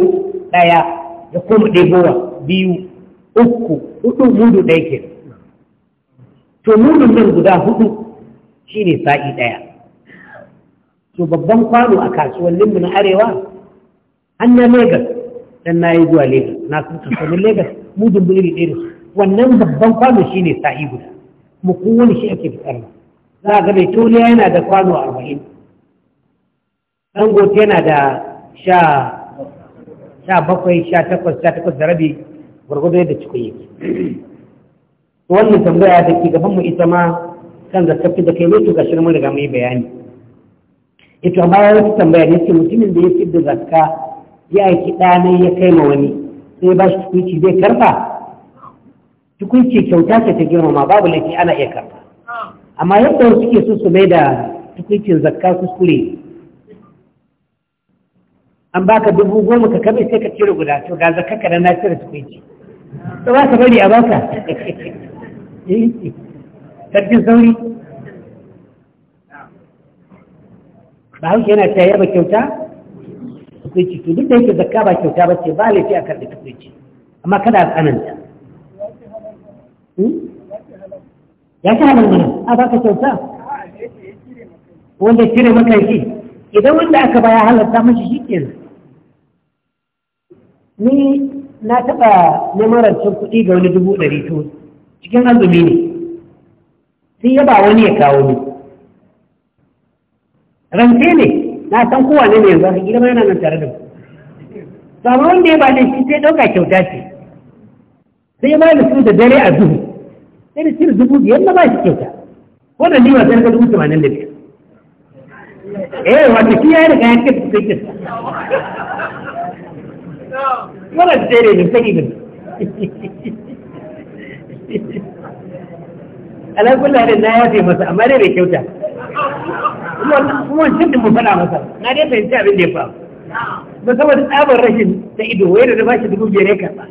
ɗaya ya koma ɗebowa biyu uku hudu mudu ɗaya ke to mudu nan guda hudu shine sa'i ɗaya so babban kwano a kasuwannin na arewa an na Legas dan yi zuwa Legas na san kasuwannin Legas mu dumbin iri ɗaya wannan babban kwano shi ne sa'i guda mu kowane shi ake fitar za a ga mai toliya yana da kwano a arba'in dangote yana da sha bakwai sha takwas sha takwas da rabi gwargwado yadda cikin yake wannan tambaya da ke gaban mu ita ma kan zakafin da kai mai tuka shirin mun riga mai bayani ita eh, amma ya wata tambaya ne ce mutumin da ya fi da zakka ya aiki ɗana ya kai ma wani sai ba shi tukunci zai karfa tukunci kyauta ce ta girmama babu laifi ana iya karfa amma yadda wasu ke so su mai da tukuncin zakka kuskure an baka dubu goma ka kame sai ka cire guda to ga zakka ka na cire tukunci ta ba ka bari a baka eh, eh, sarkin sauri ba hauke yana ta yaba kyauta tukwici to duk da yake zakka ba kyauta ba ce ba laifi a karɗi tukunci amma kada a tsananta hmm? ya ce halar mana a ka kyauta wanda cire maka shi idan wanda aka baya halarta mashi shi ke ni na taɓa neman can kuɗi ga wani dubu ɗari to cikin azumi ne sai ya ba wani ya kawo ni rance ne na san kowa ne ne yanzu haka gida yana nan tare da mu sama wanda ya ba da shi sai ɗauka kyauta ce sai ya ba su da dare a duhu sai da cire dubu biyar na ba shi kyauta wannan ni sai ka dubu tamanin da biyar eh wata shi ya riga ya kisa sai kisa wannan dare ne sai ibin alakullu halin na yafe masa amma dai bai kyauta wancan din mu faɗa masa na dai fahimci abin da ya faru ba saboda tsabar rashin ta ido wai da ba shi dubu biyar ya karɓa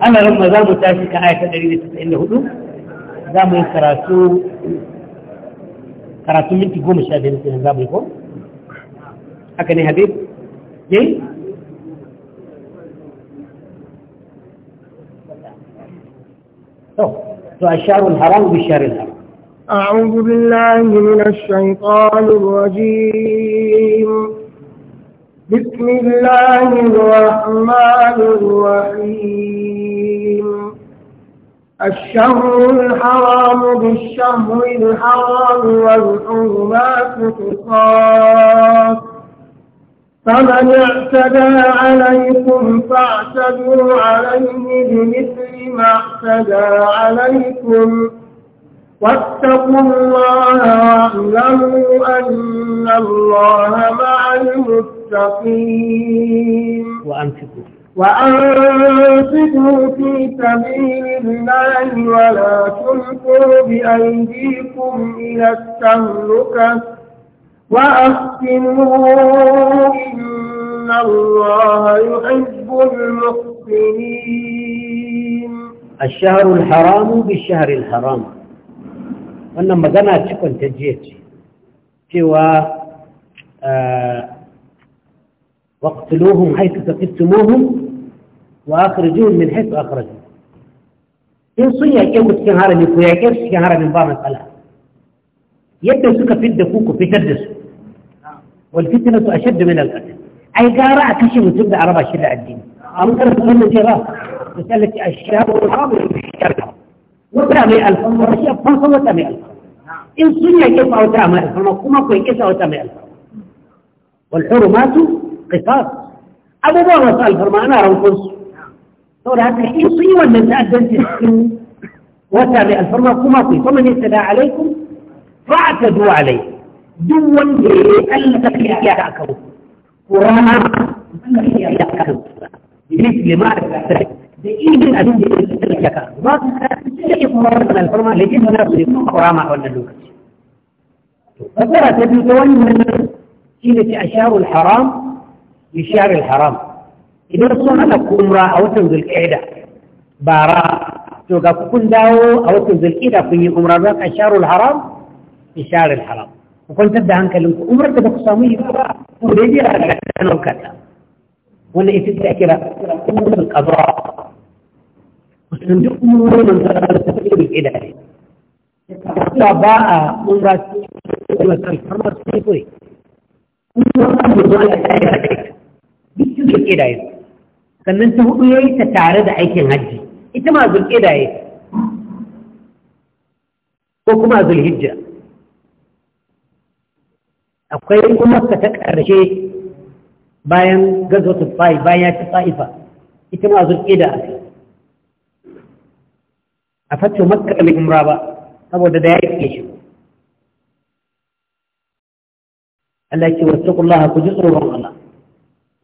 ana ramma za mu tashi ka aya ta 194 za mu yi karatu karatu minti goma sha biyar za mu yi ko haka ne habib ne eh? فالشهر الحرام بالشهر الحرام أعوذ بالله من الشيطان الرجيم بسم الله الرحمن الرحيم الشهر الحرام بالشهر الحرام والحرمات قصاص فمن اعتدى عليكم فاعتدوا عليه بمثل ما اعتدى عليكم واتقوا الله واعلموا أن الله مع المتقين وأنفقوا وأنفقوا في سبيل الله ولا تلقوا بأيديكم إلى التهلكة وأحسنوا إن الله يحب المحسنين الشهر الحرام بالشهر الحرام wannan magana cikin ta jiya ce cewa waqtuluhum haythu taqittumuhum wa akhrijuhum min haythu akhrajuhum in sun yaƙe ku cikin harami ku yaƙe su cikin haramin ba matsala yadda suka fidda ku ku fitar da su والفتنة أشد من القتل أي قارع كشي متبدا عربة شرع الدين أمكن تقول لك لا مسألة الشاب والحرام والشركة وتعمي ألف ورشي أفنص وتعمي ألف إن سنة كيف أو تعمي ألف وكما كوي كيف أو تعمي ألف والحرمات قصاص أبو بابا سأل فرما أنا أرى saboda haka in sun yi wannan ta'addanci cikin wata mai ألف kuma ku yi kuma ne sada alaikum duk wanda ya yi Allah ta fiya ya aka kawo Qur'ana Allah ya ya aka kawo Iblis ya ma da tsare da ibn abin da ya tsare ya ka ba su sai ya kuma wannan alfarma da jin na su kuma Qur'ana a wannan lokaci to fasara ta biyu ta wannan shine ta asharul haram yusharul haram idan sun ana kumra a watan zulqa'ida bara to ga kun dawo a watan zulqa'ida kun yi umra za ka asharul haram isharul haram ku kwantar da hankalinku umar da ba ku samu yi ba ku da yi a ranar bukata wannan ita ce ake umar kazuwa musulun duk umarai man zara da ta fi rike da ne kuma ba a umra su yi wasan kamar su yi kure kuma ba su zuwa a ta yi haka duk su rike da yi sannan ta hudu ya yi ta tare da aikin hajji ita ma zulke da yi ko kuma zulhijja akwai umarsa ta ƙarshe bayan gazotul fa'i bayan ya ci sa'ifa ita ma zurƙi da aka a fatto makka da umra ba saboda da ya ke shi Allah ce wattaqullaha ku ji tsoron Allah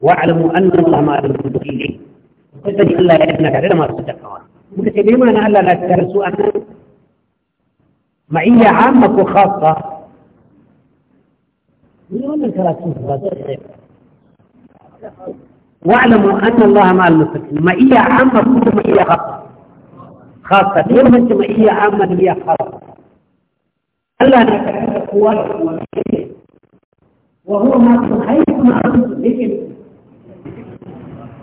wa alamu anna Allah ma'al muttaqin sai da Allah ya yana tare da masu takawa muka ce bai mana Allah na tare su anan ma'iyya amma ko khassa واعلموا ان الله مع المتقين هي عامة كل هي خاصة خاصة غير ما هي عامة هي خاصة الله نكتب قوات وهو معكم حيث ما لكن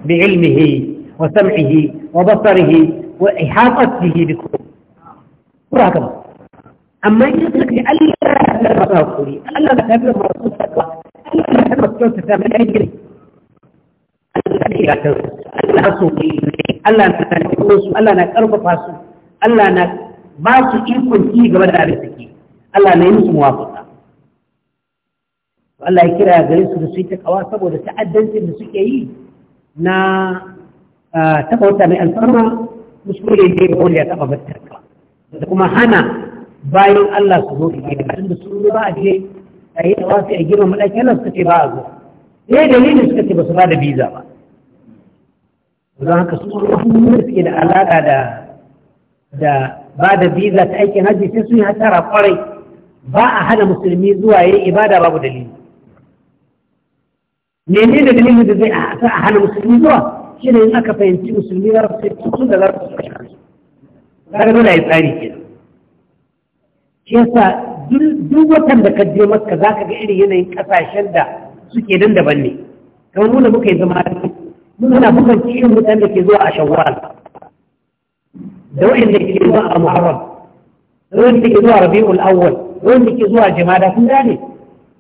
بعلمه وسمعه وبصره وإحاطته بكم وهكذا amma in suka ce Allah ya karba ba hakuri Allah ya karba masu takwa Allah ya karba kyauta ta mai gire Allah na ya karba Allah so ne Allah na karba su Allah na karfafa su Allah na ba su ikon ci gaba da abin suke Allah na yi musu muwafaka Allah ya kira gare su da su yi takawa saboda ta'addancin da suke yi na ah, taba wata mai alfarma musulmi da ya taɓa battarka da kuma hana bayan Allah su zo igiyar tun da sun ba a je a yi tawa sai a girma maɗakin nan suka ce ba a zo sai dalilin suka ce ba su ba da biza ba don haka su ruhun suke da alaƙa da da ba da biza ta aikin hajji sai sun yi hatara kwarai ba a hana musulmi zuwa yin ibada babu dalili ne da dalilin da zai a hana musulmi zuwa shi ne in aka fahimci musulmi za su sai tutun da za su kashe kansu kaga dole ya tsari kenan yasa duk watan da ka je maka za ka ga irin yanayin kasashen da suke dan daban ne kamar nuna muka yi zama muna bukan cikin mutan da ke zuwa a shawwal da wa'in da ke zuwa a muharram da wa'in da ke zuwa rabi'ul awwal da wa'in da ke zuwa jimada kun gane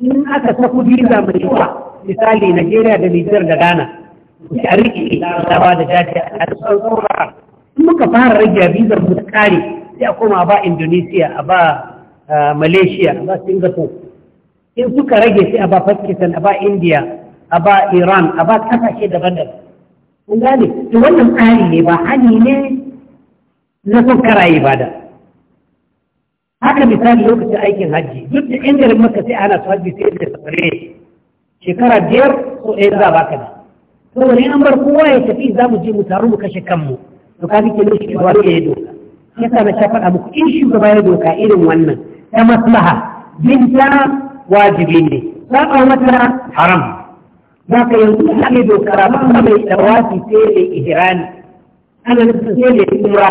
in aka saku visa mai zuwa misali Najeriya da Nijar da Ghana ku shari'i da ba da jaji a tsawon tsoron in muka fara rage visa mu ta kare sai a koma ba Indonesia a ba malaysia a ba singapore in suka rage sai a ba pakistan a ba india a ba iran a ba kasashe daban-daban kun gane to wannan tsari ne ba hani ne na son karaye ba da haka misali lokacin aikin hajji duk da yan garin maka sai ana su hajji sai da safare shekara biyar ko ɗaya za ba ka da to wani an bar kowa ya tafi za mu je mu taru mu kashe kanmu to ka fi kenan shugaba ya yi doka ya sa na sha faɗa muku in shugaba ya doka irin wannan ta maslaha binta wajibi ne saba mata haram za ka yanzu ta ne dokara ba mai tawafi sai da ihrami ana nufin sai da umra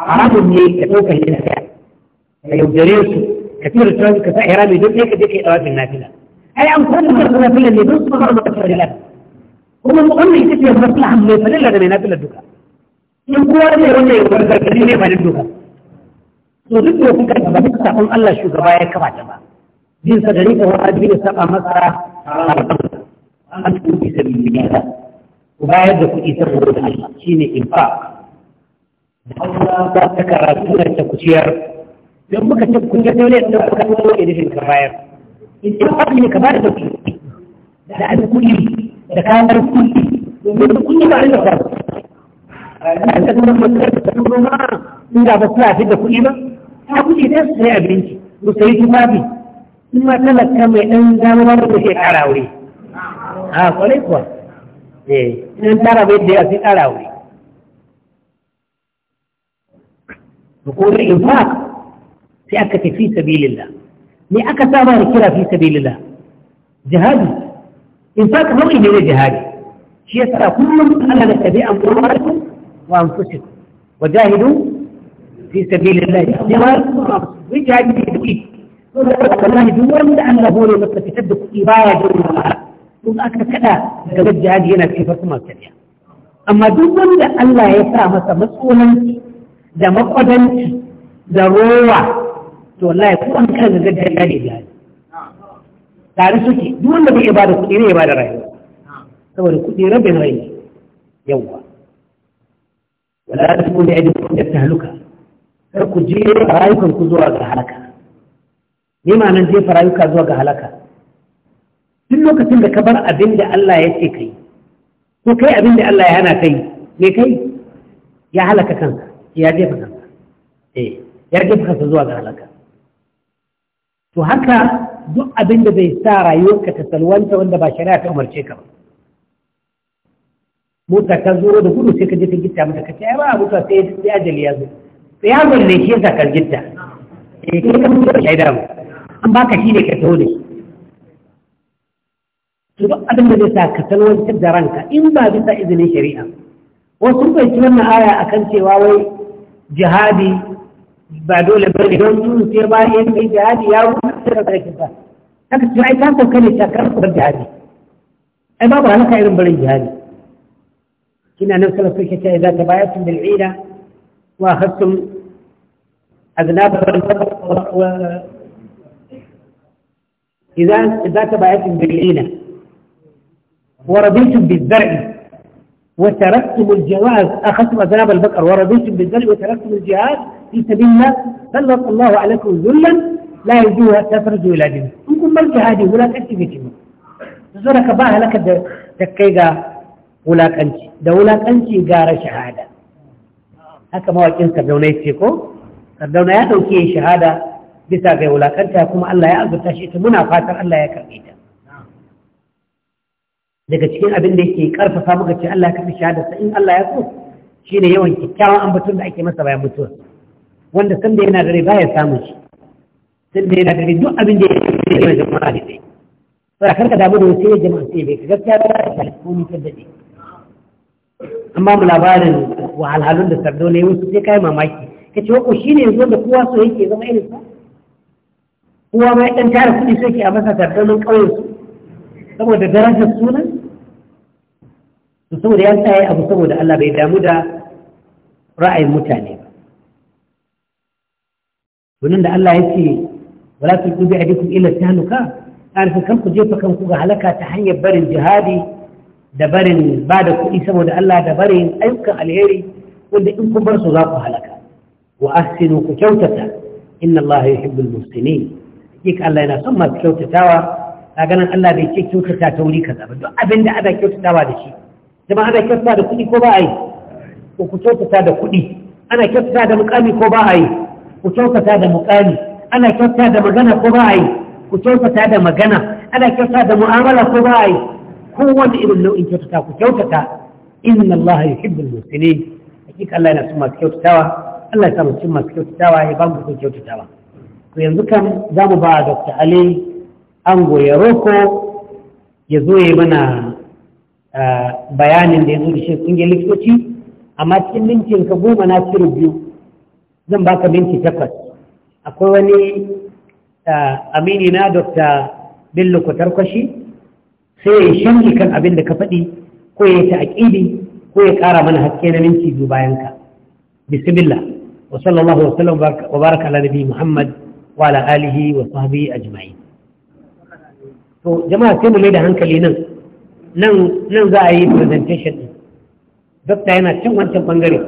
haramun ne ka ɗaukar shi da ka yaudare su ka fi da tawafi ka sa ihrami don ɗaya ka je ka yi tawafin nafila ai an kwanta da nafilan ne don su fara da kasar da kuma wannan ita ce maslahan mai falilla da mai nafilar duka in kowa ne wannan ya warkar ne ba duka to duk da kuka ba duk sakon Allah shugaba ya kamata ba bin sa da rika wajibi da saba masa an tuki sabilillah ku bayar da kuɗi saboda Allah shine infaq da Allah ba ta karatu da ta kuciyar don muka ce kun ga dole da kuka kawo edishin ka bayar in ta fadi ne ka bayar da kuɗi da an kuɗi da kayan kuɗi domin kuɗi ba da ba a kan da mutum da kuma inda ba su lafi da kuɗi ba ta kuce ta su sai abinci su sai tufafi in ma talaka mai ɗan dama ba mutu sai ƙara wuri a kwale kuwa eh in tara bai da ya sai ƙara wuri da infaq sai aka tafi fi sabilillah me aka saba da kira fi sabilillah jihadi infaq nau'i ne na jihadi shi yasa kullum ana da tabi'an qur'anikum wa anfusikum jahidu في سبيل الله احتمال ويجعل في تبكيك والله دول لأن هو لما تتبك إبادة الله ثم أكثر كذا تبجي جهاد هنا في فرصة ما تبيع أما دول أن الله يسامة مسؤولا ذا مقعدا ذا روع والله يقول أن كان ذلك جهاد الجهاز tare suke duk wanda bai ibada kuɗi ne ibada rayuwa saboda kuɗi ولا تكون ne yawwa kar ku je rayukan ku zuwa ga halaka ne ma nan jefa rayuka zuwa ga halaka duk lokacin da ka bar abin da Allah ya ce kai ko kai abin da Allah ya hana kai me kai ya halaka kanka ya jefa kanka eh ya jefa kanka zuwa ga halaka to haka duk abin da bai sa rayuwarka ta salwanta wanda ba shari'a ta umarce ka ba mota ta zo da gudu sai ka je ka gita mata ka ce ai ba mutuwa sai ajali ya zo tsayawar ne shi yasa karjinta eh kai kan mutu shaida mu an baka shi ne ka taho da shi to duk abin da zai sa ka salwantar da ranka in ba bisa izinin shari'a wasu ɗauki wannan aya akan cewa wai jihadi ba dole ba ne don su sai ba yin mai jihadi ya wuce da sarki ba haka cewa ai ka sauka ne shakar kuwar jihadi ai babu halaka irin barin jihadi kina nan sallar sarki ta idan ta bayatun bil'ida وأخذتم أذناب و... إذا إذا تبعتم بالعينة ورضيتم بالزرع وتركتم الجواز أخذتم أذناب البقر ورضيتم بالزرع وتركتم الجهاد في سبيل الله سلط الله عليكم ذلا لا يجوها تفرجوا إلى دين أنكم ملك هذه ولا تأتي في باها لك باهلك ولاك ولا دا ولاك أنت غار شهادة haka mawaƙin sardauna ya ce ko sardauna ya ɗauki yin shahada bisa ga wulakanta kuma Allah ya azurta shi ta muna fatan Allah ya karɓe ta daga cikin abin da yake karfafa muka ce Allah ya karɓe shahada sa in Allah ya so shine yawan kyakkyawan ambaton da ake masa bayan mutuwa wanda sanda yana dare baya samun shi sanda yana dare duk abin da ya yi da jama'a da sai ba karka damu da wasu jama'a sai bai ka gaskiya ba da komi da dade an ba mu labarin wahalhalun da sardo ne wasu sai kai mamaki ka ce wako shine yanzu da kowa so yake zama irin sa kowa mai ɗan dan tara kuɗi so yake a masa nan ƙauyen su saboda darajar sunan su saboda ya tsaye abu saboda Allah bai damu da ra'ayin mutane ba gudun da Allah ya ce wala tuqu a adikum illa tahluka an fi kan ku jefa kanku ga halaka ta hanyar barin jihadi Dabarin ba da kuɗi saboda Allah da barin ayyukan alheri wanda in kun bar su za ku halaka wa ahsinu ku kyautata inna Allah ya yuhibbul muhsinin ka Allah yana son masu kyautatawa kaga nan Allah bai ce kyautata ta wuri kaza ba duk abin da ana kyautatawa da shi jama'a ana kyautata da kuɗi ko ba a yi ko ku kyautata da kuɗi ana kyautata da muƙami ko ba a yi ku kyautata da muƙami. ana kyautata da magana ko ba a yi ku kyautata da magana ana kyautata da mu'amala ko ba a yi kowane irin nau'in kyautata ku kyautata inna Allah yuhibbul muslimin hakika Allah yana son masu kyautatawa Allah ya samu cin masu kyautatawa ya ba mu kyautatawa to yanzu kan za mu ba Dr. Ali Ango ya roko ya zo ya mana bayanin da ya zo da shi kungiyar likitoci amma cikin mintin ka goma na ci biyu zan baka minti takwas akwai wani amini na Dr. Bello Kwatarkwashi sai ya shanye kan abin da ka faɗi ko ya ta aƙidi ko ya ƙara mana haske na minti biyu bayan ka bismillah wa sallallahu wa sallam wa baraka ala nabi muhammad wa ala alihi wa sahbihi ajma'in to jama'a sai mu mai da hankali nan nan za a yi presentation din dokta yana cin wancan bangare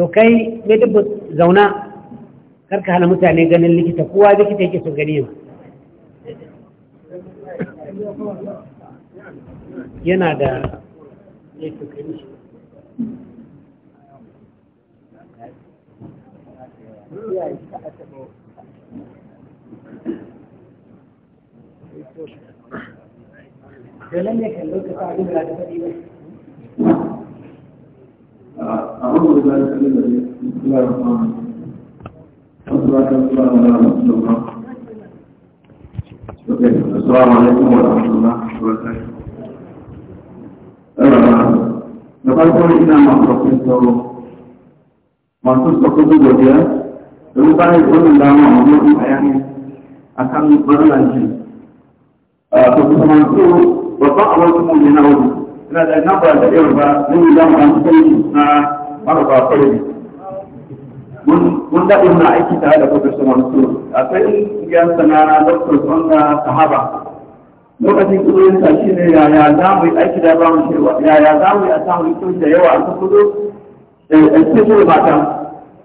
to kai mai dubba zauna karka hana mutane ganin likita kowa likita yake so gani yana da abin da ba da zai kalli Assalamualaikum warahmatullahi wabarakatuh. Eh, apa yang kita mahu perbincangkan? Masuk ke tujuan dia, terutama yang pertama, mahu mengayangi akan berlanjut. Kebetulan itu, bapa awal semua dinaungi. Ada nama ada irba, ini dalam antara nama para para mun daɗe muna aiki tare da Professor Mansur akwai yan na Dr. Songa Sahaba lokacin kudin sa shi ne yaya za mu yi aiki da bamu cewa yaya za mu yi a samun rikin da yawa a kan kudu ba ta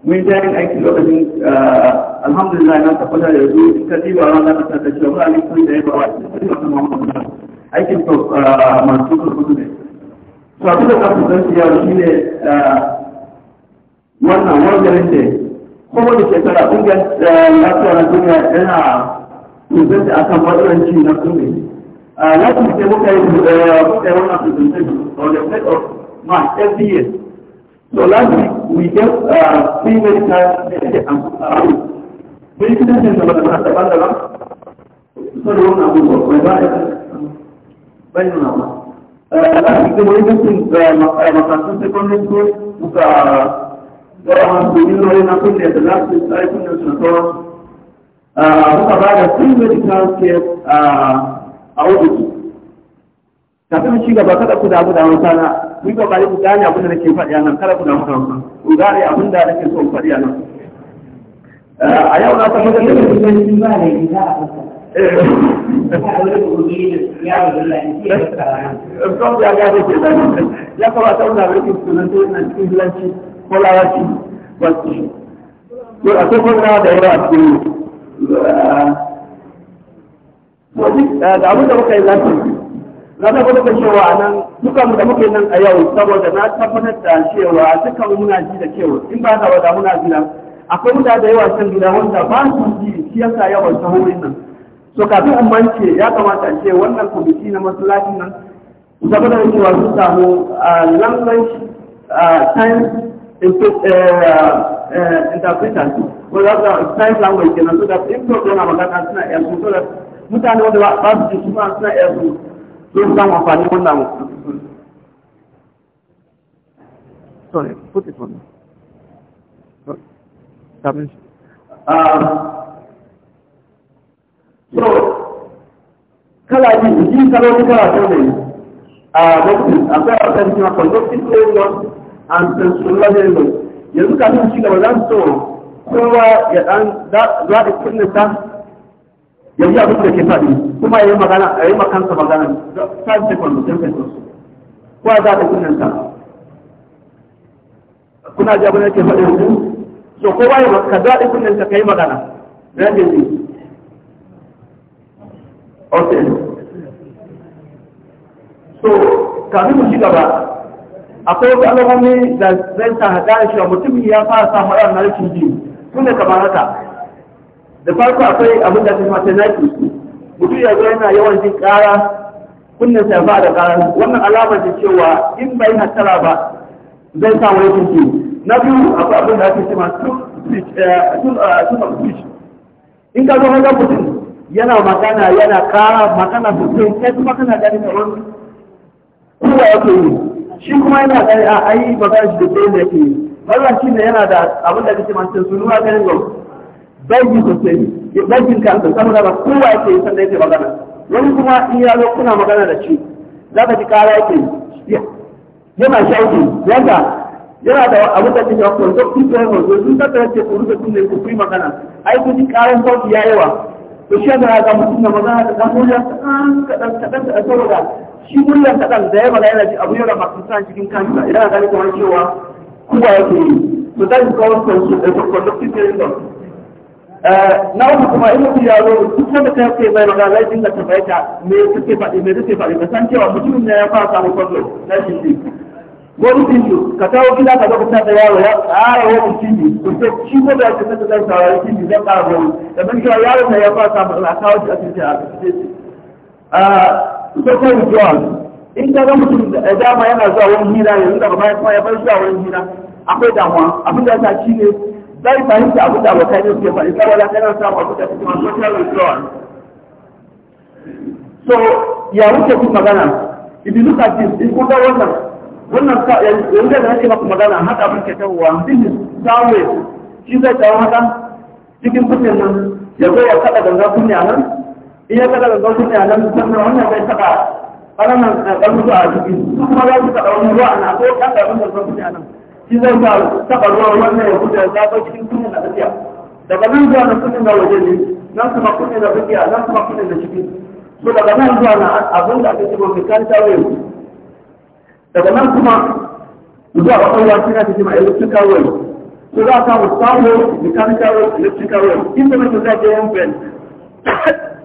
mun ta yin aiki lokacin eh, alhamdulillah na tafi da yanzu in ka diba ran da ta ta cewa muna rikin da yawa a cikin wasu mamman aikin to eh, masu kudu ne so da ka zan shi ne eh, wannan wannan ce kowane shekara ƙungiyar eh, lafiya na duniya yana tuntunta a kan matsalanci na kungiyar a latin ce muka yi eh, muka yi wannan presentation on the state of march every year so last week we get uh, three medical delegates and um, um, medical delegates da ba da ban da ba so da wannan abubuwa mai ba da bai nuna ba last week da wani mutum makarantar secondary school muka uh, sauran na ba da free medical care a wuduki kafin shi gaba kada ku damu da wata na ku yi kokari ku gane abin da nake faɗi a nan kada ku damu da wata ku gane abin da nake so faɗi a nan a yau na tafi da shi ne ba da gida a fasa ya kamata wanda sunan cikin kulawa ce ba su shi to a sai kulawa da yawa a cikin yi eh, eh, da abin da muka yi zafi na tabbatar da cewa nan dukan da muke nan a yau saboda na tabbatar da cewa dukan muna ji da cewa in ba da wada muna ji akwai mutane da yawa can gida wanda ba su ji shi yasa yawan sahohin nan so kafin in mance ya kamata a ce wannan kwamiti na masallacin nan saboda cewa sun samu eh, language time Eh, eh, interpretanti ko za su sign language kenan so that in problem na magana suna iya su so that mutane wanda ba su ji suna suna iya su sun samu amfani wannan sorry put it on Sorry. Um, so kala yi ji kaloli kala ta ne a lokacin akwai a kan cewa conducting areas an san sunan da yanzu yanzu kafin shi gaba za su so kowa ya dan zaɗi kunnen ta ya yi abin da ke faɗi kuma ya yi magana a yi makansa magana ta ce kwallo sai kai sosu kowa zaɗi kunnen ta kuna ji abin da ke faɗi yanzu so kowa ya ka zaɗi kunnen ta ka yi magana na yanzu ok so kafin mu shi gaba akwai wasu alamomi da zai ta haɗa shi mutum ya fara samu yawan na rashin ji kuma kamar haka da farko akwai abin da kuma ta naki mutum ya zo yana yawan jin ƙara kunnen sa ba da ƙara wannan alamar da cewa in bai hattara ba zai samu rashin ji na biyu akwai abin da ake cewa tun eh, eh, of speech in ka zo haka mutum yana magana yana ƙara magana sosai sai kuma kana ganin kamar kowa yake yi shi kuma yana da a ai ba ga shi da tsayin da yake yi shi ne yana da abin da kake masu su nuna ganin gwam banki sosai bankin kansa saboda ba kowa yake san da yake magana wani kuma in ya zo kuna magana da shi za ka ji kara yake yana shauki yanda yana da abin da kake wasu wanzu kun tsaye wanzu sun da ce ku rufe kunne ku yi magana ai ku ji karan sauki ya yawa to shi da ga mutum na magana da dan murya kaɗan kaɗan kaɗan saboda shi kullum kadan da ya bala yana ci abu yana makasar cikin kansa idan ka gani kamar cewa kuma ya ke yi to that su called conductive terrorism na uku kuma ina mutum yaro duk wanda ta yake bai magana zai dinga tambaye ta me suke faɗi me suke faɗi ka san cewa mutumin ne ya fara samun kwallo na shi shi gwamnatin su ka kawo gida ka zo ka da yaro ya tsara wani tv to sai shi ko da ka saka zan saurari tv zan ƙara gwamnati da ban cewa yaro ne ya fara samun a kawo shi a asibiti a asibiti eh, ita ko withdrawal in ga mutum da dama yana zuwa wani hira yanzu daga baya kuma ya bar zuwa wani hira akwai damuwa abin da ya ne zai fahimta abin da abokai ne suke faɗi saboda kana samu abin da kuma so ya wuce magana if you look at this in kun ga wannan wannan yanzu da nake maka magana haka abin ke tawowa shi zai tawo haka cikin ya zo ya kada ganga kunya in ya kada ga sun yalan musamman wannan zai taɓa ƙananan eh, ƙarfi a ciki kuma za su taɓa wani ruwa na ko kan ƙarfin da sun yalan shi zai ba taɓa ruwa wannan ya fita ya zaɓa cikin sunan da tafiya daga nan zuwa na sunan da waje ne nan kuma kuɗi da tafiya nan kuma kuɗi da ciki so daga nan zuwa na abin da ake cewa mechanical wave daga nan kuma zuwa ƙwaƙwalwa suna ta cewa electrical wave so za a samu samun mechanical wave electrical wave inda mutum zai je yan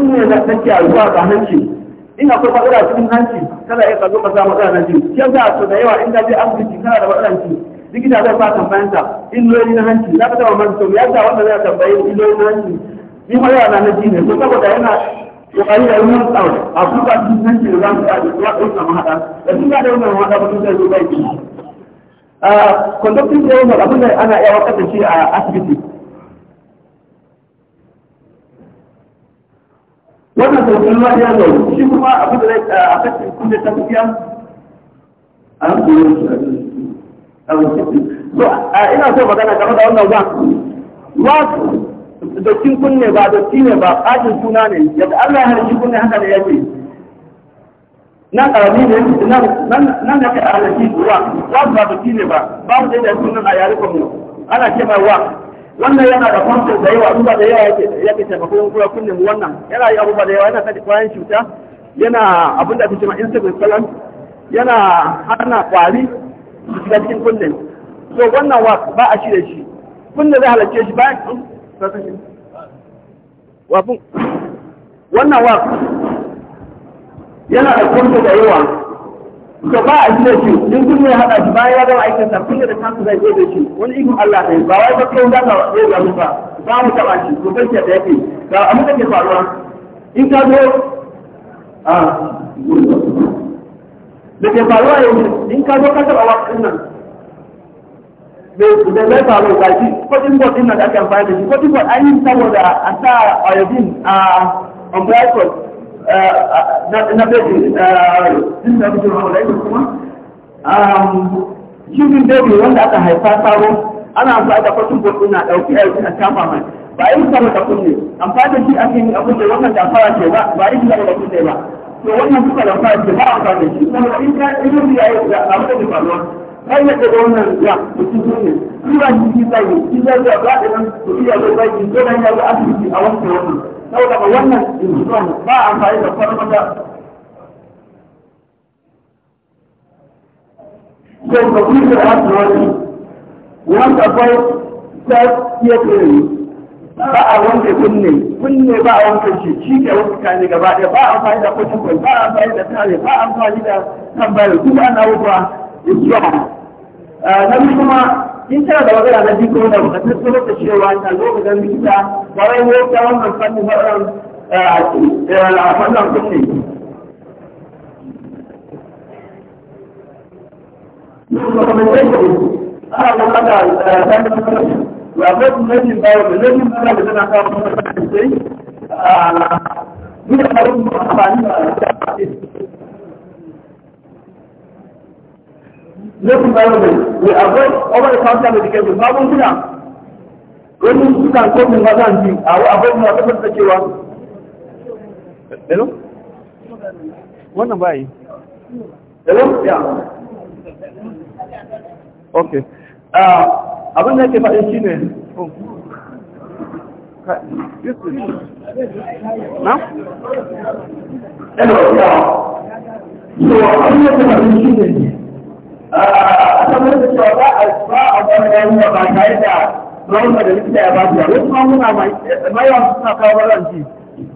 ne na take a zuwa ga hanci in akwai matsala cikin hanci kada ya kazo ka sa matsala na ji shi yasa so da yawa in ka je asibiti kana da matsalan ci likita zai ba tambayan ka illoli na hanci za ka taba man to ya sa wanda zai tambaye illoli na hanci ni ma yawa na na ji ne ko saboda yana kokari da yawan tsawon a kuka cikin hanci da za mu sa da ya ɗauka mahaɗa da duk da wannan mahaɗa mutum zai zo bai ki. Ah, Conducting da yawan abin da ana iya wakar da shi a asibiti wannan sauƙin ruwa ya zo shi kuma abin da zai kashe kunne ta tafiya a ina so magana game da wannan wa wa dokin kunne ba dotti ne ba ƙajin suna ne yadda Allah ya halarci kunne haka ne yake nan ƙarami ne nan da ke a halarci wa wa ba dotti ne ba ba mu da sunan a yarukan mu ana ce mai wa wannan yana da kwanto da yawa abubuwa da yawa yake yake taimako kura kullum wannan yana yi abubuwa da yawa yana sadi kwayan cuta yana abin da ake cewa Instagram salon, yana hana kwari su shiga cikin kullum so wannan wa ba a shirya shi kullum zai halarce shi bayan wafin wannan wa yana da kwanto da yawa to ba a shi shi in kun ya hada shi bayan ya gama aikin sa kun da kansu zai zai da shi wani ikon Allah ne ba wai ba kai za ka zai ga ba ba mu taɓa shi to kai da yake ga abin da ke faruwa in ka zo a da ke faruwa yanzu in ka zo ka taɓa wa ɗin nan da zai faru ga shi kudin bot ɗin nan da ake amfani da shi kudin bot an yi saboda a sa ayodin a umbrella na beji sun da mutum hau laifin kuma shirin bebi wanda aka haifa sabo ana amfani da fasin gudu na ɗauki a yankin a shafa mai ba yi sama da kunne amfani da shi ake yi abin da wannan da fara ce ba ba yi sama da kunne ba to wannan suka da fara ce ba amfani da shi saboda in ka yi ya yi da abin da ke faruwa har yadda da wannan ya mutum sun shi ba shi shi zai yi shi zai zai ba da nan su iya zai zai yi zai ya zo asibiti a wasu wannan saboda daga wannan injiniyan ba amfani da farmata ko da kuri da wani wanda akwai ta iya kere ba a wanke kunne kunne ba a wanke shi shi ke wasu kane gaba ɗaya ba a amfani da kwatankwai ba a amfani da tare ba a amfani da tambayar duk ana wuta da kiyama na kuma in tana da magana na biyu da ba ta tsoro ta cewa ta zo ga dan likita ba wai ta wannan fanni eh, eh, wannan a kuɗi ana magana da ta da da lajin da a da da da local government, we are going over the counter medication. Ba mun gina wani suka ko mun ba ji a abin mu ta fata cewa Hello? Wannan bai. Hello? Yeah. Okay. abin da ke faɗi shi ne oh. na? Hello, yeah. So, abin da ke faɗi a saboda da cewa ba a ba a da rayuwa ba tare da rayuwa da likita ya ba su wasu ma muna mai yawan suna kawo ranci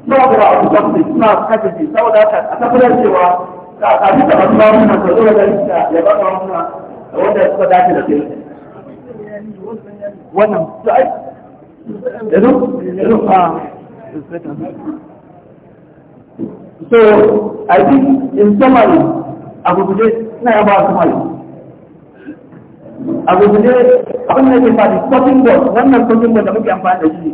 saboda ba a kusa suna kasance saboda haka a tabbatar cewa kafin da masu muna ka zo da likita ya ba ka da wanda suka dace da kai wannan ai yanzu yanzu ah, so i think in summary summary abu ne abin da ke faɗi cutting board wannan cutting board da muke amfani da shi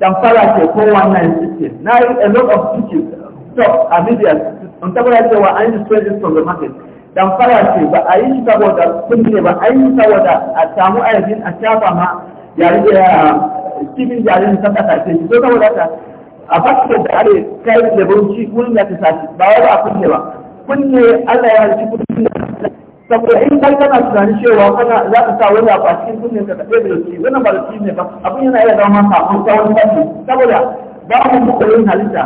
damfara ce ko wannan system na yi a lot of teaching stop a media sun tabbata cewa an yi straight from the market damfara ce ba a yi shi saboda kun ne ba a yi shi saboda a samu ayyukan a shafa ma yare da eh, cikin jaririn ta kasashe shi ko saboda ta a basket da are kai da bunci wurin da ta sashi ba wai ba a kunne ba kunne Allah ya halicci kunne saboda in kai kana tunanin cewa kana za ka sa wani abu a cikin kunne ka kafe da shi wannan ba da shi ne ba abin yana iya zama masa a ta wani fanni saboda babu yin halitta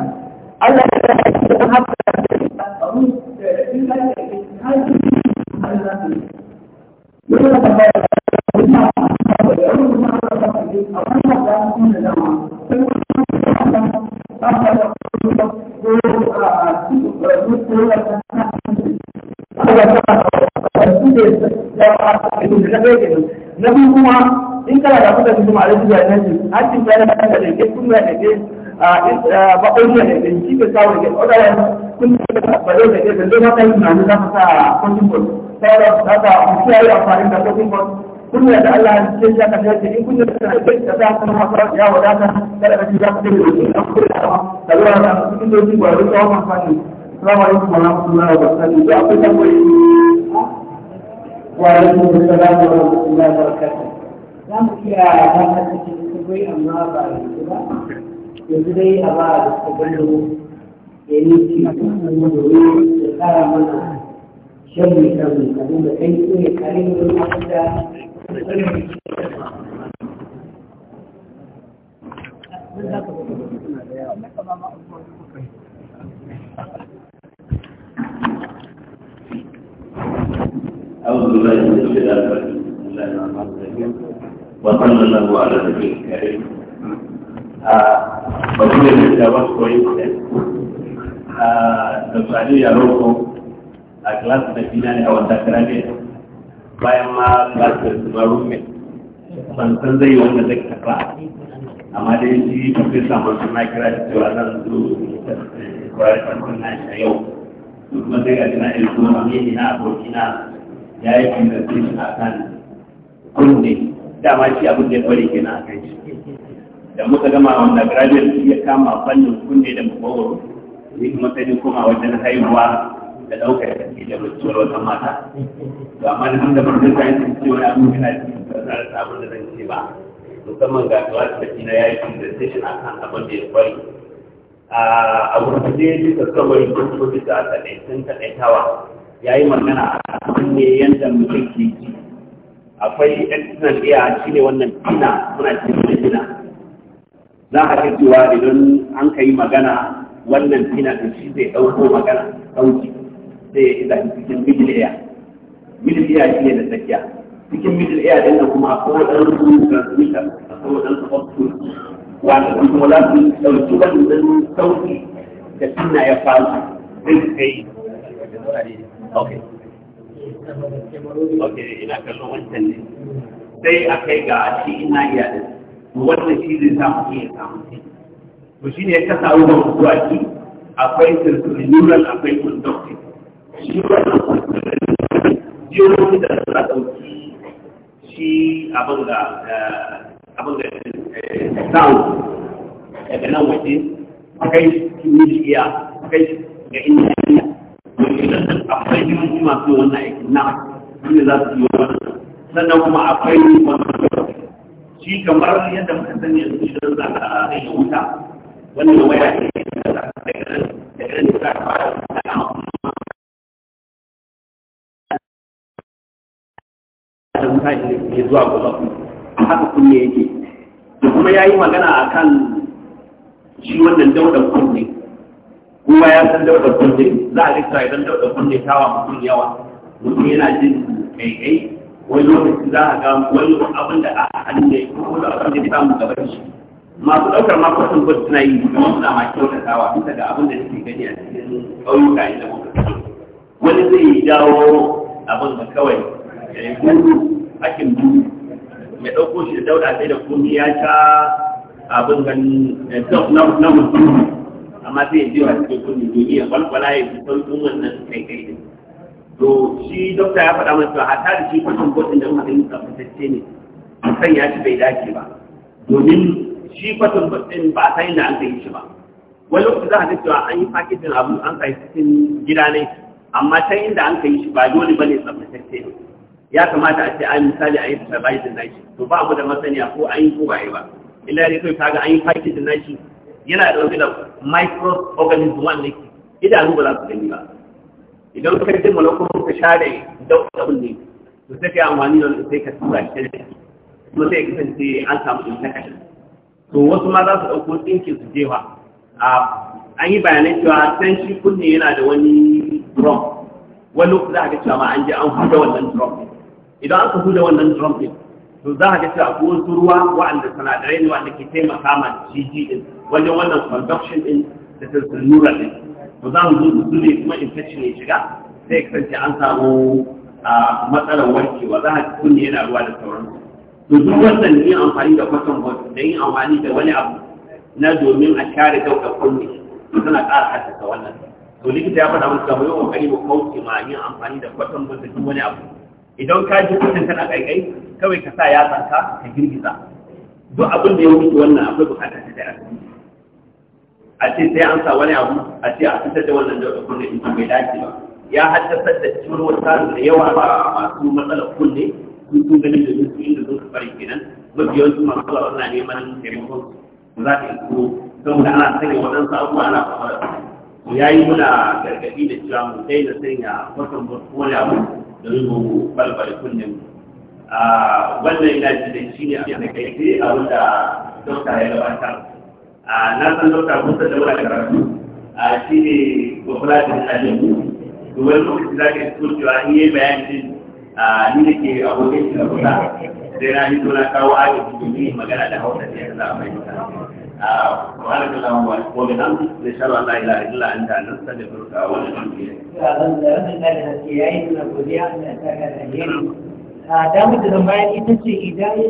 Allah ya yi shi da haka abin da in ka yi da shi har yi da shi nabi kuma in kana da kuka cikin ma'ana da yana ji har cikin yana da kuka ne kun da ne a ba ko ne ne in kike kawo ne o da yana kun da ba da ne da da ta yi na da ta ko cikin ko sai da da ta ku yi amfani da ko cikin ko kun da Allah ya ce ya kaje ki in kun da ta ce ta ta kuma ha fara ya wada ta da da ji ya ta ko da da da kun da ji ba da ta ma fani assalamu alaikum wa rahmatullahi wa barakatuh ya ku ta ko وعليكم السلام ورحمه الله وبركاته كان نعم، في هذا الشيء سوي أمر بعيد كذا يبدي أبا تقبله في كل مدوي يقرأ منا شيء كم كم بعدين كل أعوذ بالله من الشيطان الرجيم بسم الله الرحمن الرحيم وصلى الله على نبي الكريم بقول لك جواب كويس Dokter ya roko a kelas da fina ne a wata kirage bayan ma kelas da su ma rume san zai wanda zai kafa amma dai shi ba sai samu suna kira da cewa zan zo kwarar kwanton na shi yau kuma sai ga jina ilko na mai ina abokina ya yi shi a kan kunne dama shi abin da ya kware kenan a kai shi da muka gama wanda graduate shi ya kama fannin kunne da mabawar ne kuma yi koma wajen haihuwa da ɗaukar jiki da mutuwar wata mata to amma da tun da ta yi cewa ya mun gina cikin kasar da abin da zan ce ba musamman ga kawai da shi na ya yi shi a kan abin da ya kware a wurin da ya ji sassawar yin kuma bisa a tsanaitin taɗaitawa ya yi magana a kan ne yadda mutum ke ji akwai external iya shi ne wannan ina muna cikin ina za a ka cewa idan an ka yi magana wannan tina da shi zai ɗauko magana ɗauki sai ya iza cikin middle iya. middle iya shi ne da tsakiya cikin middle iya din nan kuma akwai waɗansu transmitter akwai waɗansu output wanda kuma za su ɗauki wannan sauki da tina ya faru zai kai ok ok ina kallon wancan ne sai a kai ga shi ina iya da wannan shi zai samu iya samu to shi ne ka samu da mutuwaki akwai circular akwai conductive shi wannan circular jiyoyi da za ɗauki shi abin da eh, abin da eh, sound daga nan waje kai shi kai ga inda akwai jirgi masu wannan aikin na ne za su yi wannan sannan kuma akwai wannan shi kamar yadda muka sani yanzu shi da za a rage wuta wannan waya ne da ƙarfi da fara da wuta ne zuwa gaba haka kunne yake kuma ya yi magana a kan shi wannan daular kunne kuma ya san dauɗa kunne za a rikta idan dauɗa kunne tawa mutum yawa mutum yana jin kai kai wani lokaci za a ga wani abin da a hannun da ya kuma wani abin da ya samu gaba shi masu ɗaukar makwasan kwas suna yi kuma suna ma kyautatawa bisa ga abin da suke gani a cikin ƙauyuka inda muka wani zai yi dawo abin da kawai ya yi hakin duhu mai ɗauko shi da dauda sai da komi ya sha abin ganin na mutum amma sai ya je wa cikin kunni duniya kwalkwala ya fi sauƙin wannan kai kai ne. to shi dokta ya faɗa mana cewa hatta da shi kwatan kwatin da muka yi tabbatacce ne san ya ci bai dace ba domin shi kwatan kwatin ba san da an kai shi ba wani lokaci za a ga cewa an yi fakitin abu an kai cikin gida ne amma ta inda an kai shi ba dole bane tsabtacce ne ya kamata a ce an misali a yi survival nashi to ba mu da masaniya ko an yi ko ba yi ba illa dai kai kaga an yi fakitin nashi yana ɗauke da microorganism wanda ke idanu ba za su gani ba idan ka ji malakun ka share dauka abin ne to sai ka amfani da sai ka tura shi kuma sai ka kasance an samu infection to wasu ma za su ɗauko tsinkin su jefa an yi bayanai cewa san shi kunne yana da wani drum wani lokaci za a ga cewa ma an je an huda wannan drum idan aka huda wannan drum ɗin to za a ga cewa akwai wasu ruwa wa'anda sanadarai ne wanda ke taimaka ma jiji din wajen wannan conduction din da tansanura din to za mu zo da su ne kuma infection ya shiga sai ya kasance an samu matsalar warkewa za a kunne yana ruwa da sauransu to duk wannan yin amfani da kwatan da yin amfani da wani abu na domin a share dauka kunne suna ƙara haddasa wannan to likita ya faɗa musu kamar yawan kokari mu kauce ma yin amfani da kwatan da duk wani abu idan ka ji kuɗin kana ƙaiƙai kawai ka sa yatsa ka girgiza duk abin da ya wuce wannan akwai bukatar ta da a ce sai an sa wani abu a ce a fitar da wannan dauka kunne in bai dace ba ya haddasar da ciwon tarin da yawa ba masu matsalar kunne sun sun gani da su inda sun fara kenan mabiyan su masu zuwa wannan neman taimakon za ta iso saboda ana sanya waɗansu abubuwa ana fara ya yi muna gargaɗi da cewa mu daina sanya wasan wasu wani abu da zuwa balbal kunne mu wannan yana da shi ne a kai a wanda dokta ya gabata na san dokta musa da wani karatu a shi ne gwamnatin ajiyarmu wani lokaci za ka yi yi a ni da ke abokin shi na kusa sai na hito na kawo agaji domin magana da hausa da yadda damar da zan bayan ita ce idan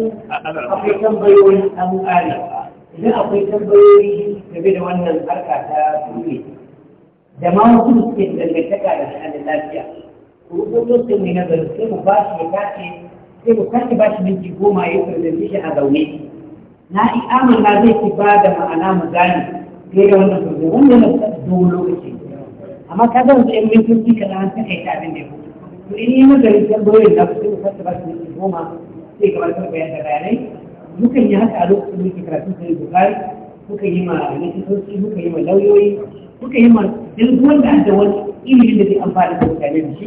akwai tambayoyi an ƙare idan akwai tambayoyi game da wannan harka ta turi da ma wasu da suke dangantaka da sha'anin lafiya rubutu sun ne na sai mu ba shi ya kace sai mu kace ba shi minti goma ya karbi shi a zaune na iƙamun na zai ki ba da ma'ana mu gane fiye da wannan turbe wannan na dogon lokaci amma ka zama da yan mintoci kana an taƙaita abin da ya to in yi magari tambayoyin da su suka fasa ba su ne goma sai gabatar da bayanai mukan yi haka a lokacin da muke karatu sai bukari muka yi ma lauyoyi muka yi ma da wani ilimin da zai amfani da mutane da shi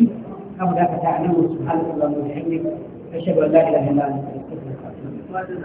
da ka a nan wasu halin da mu da a da hanyar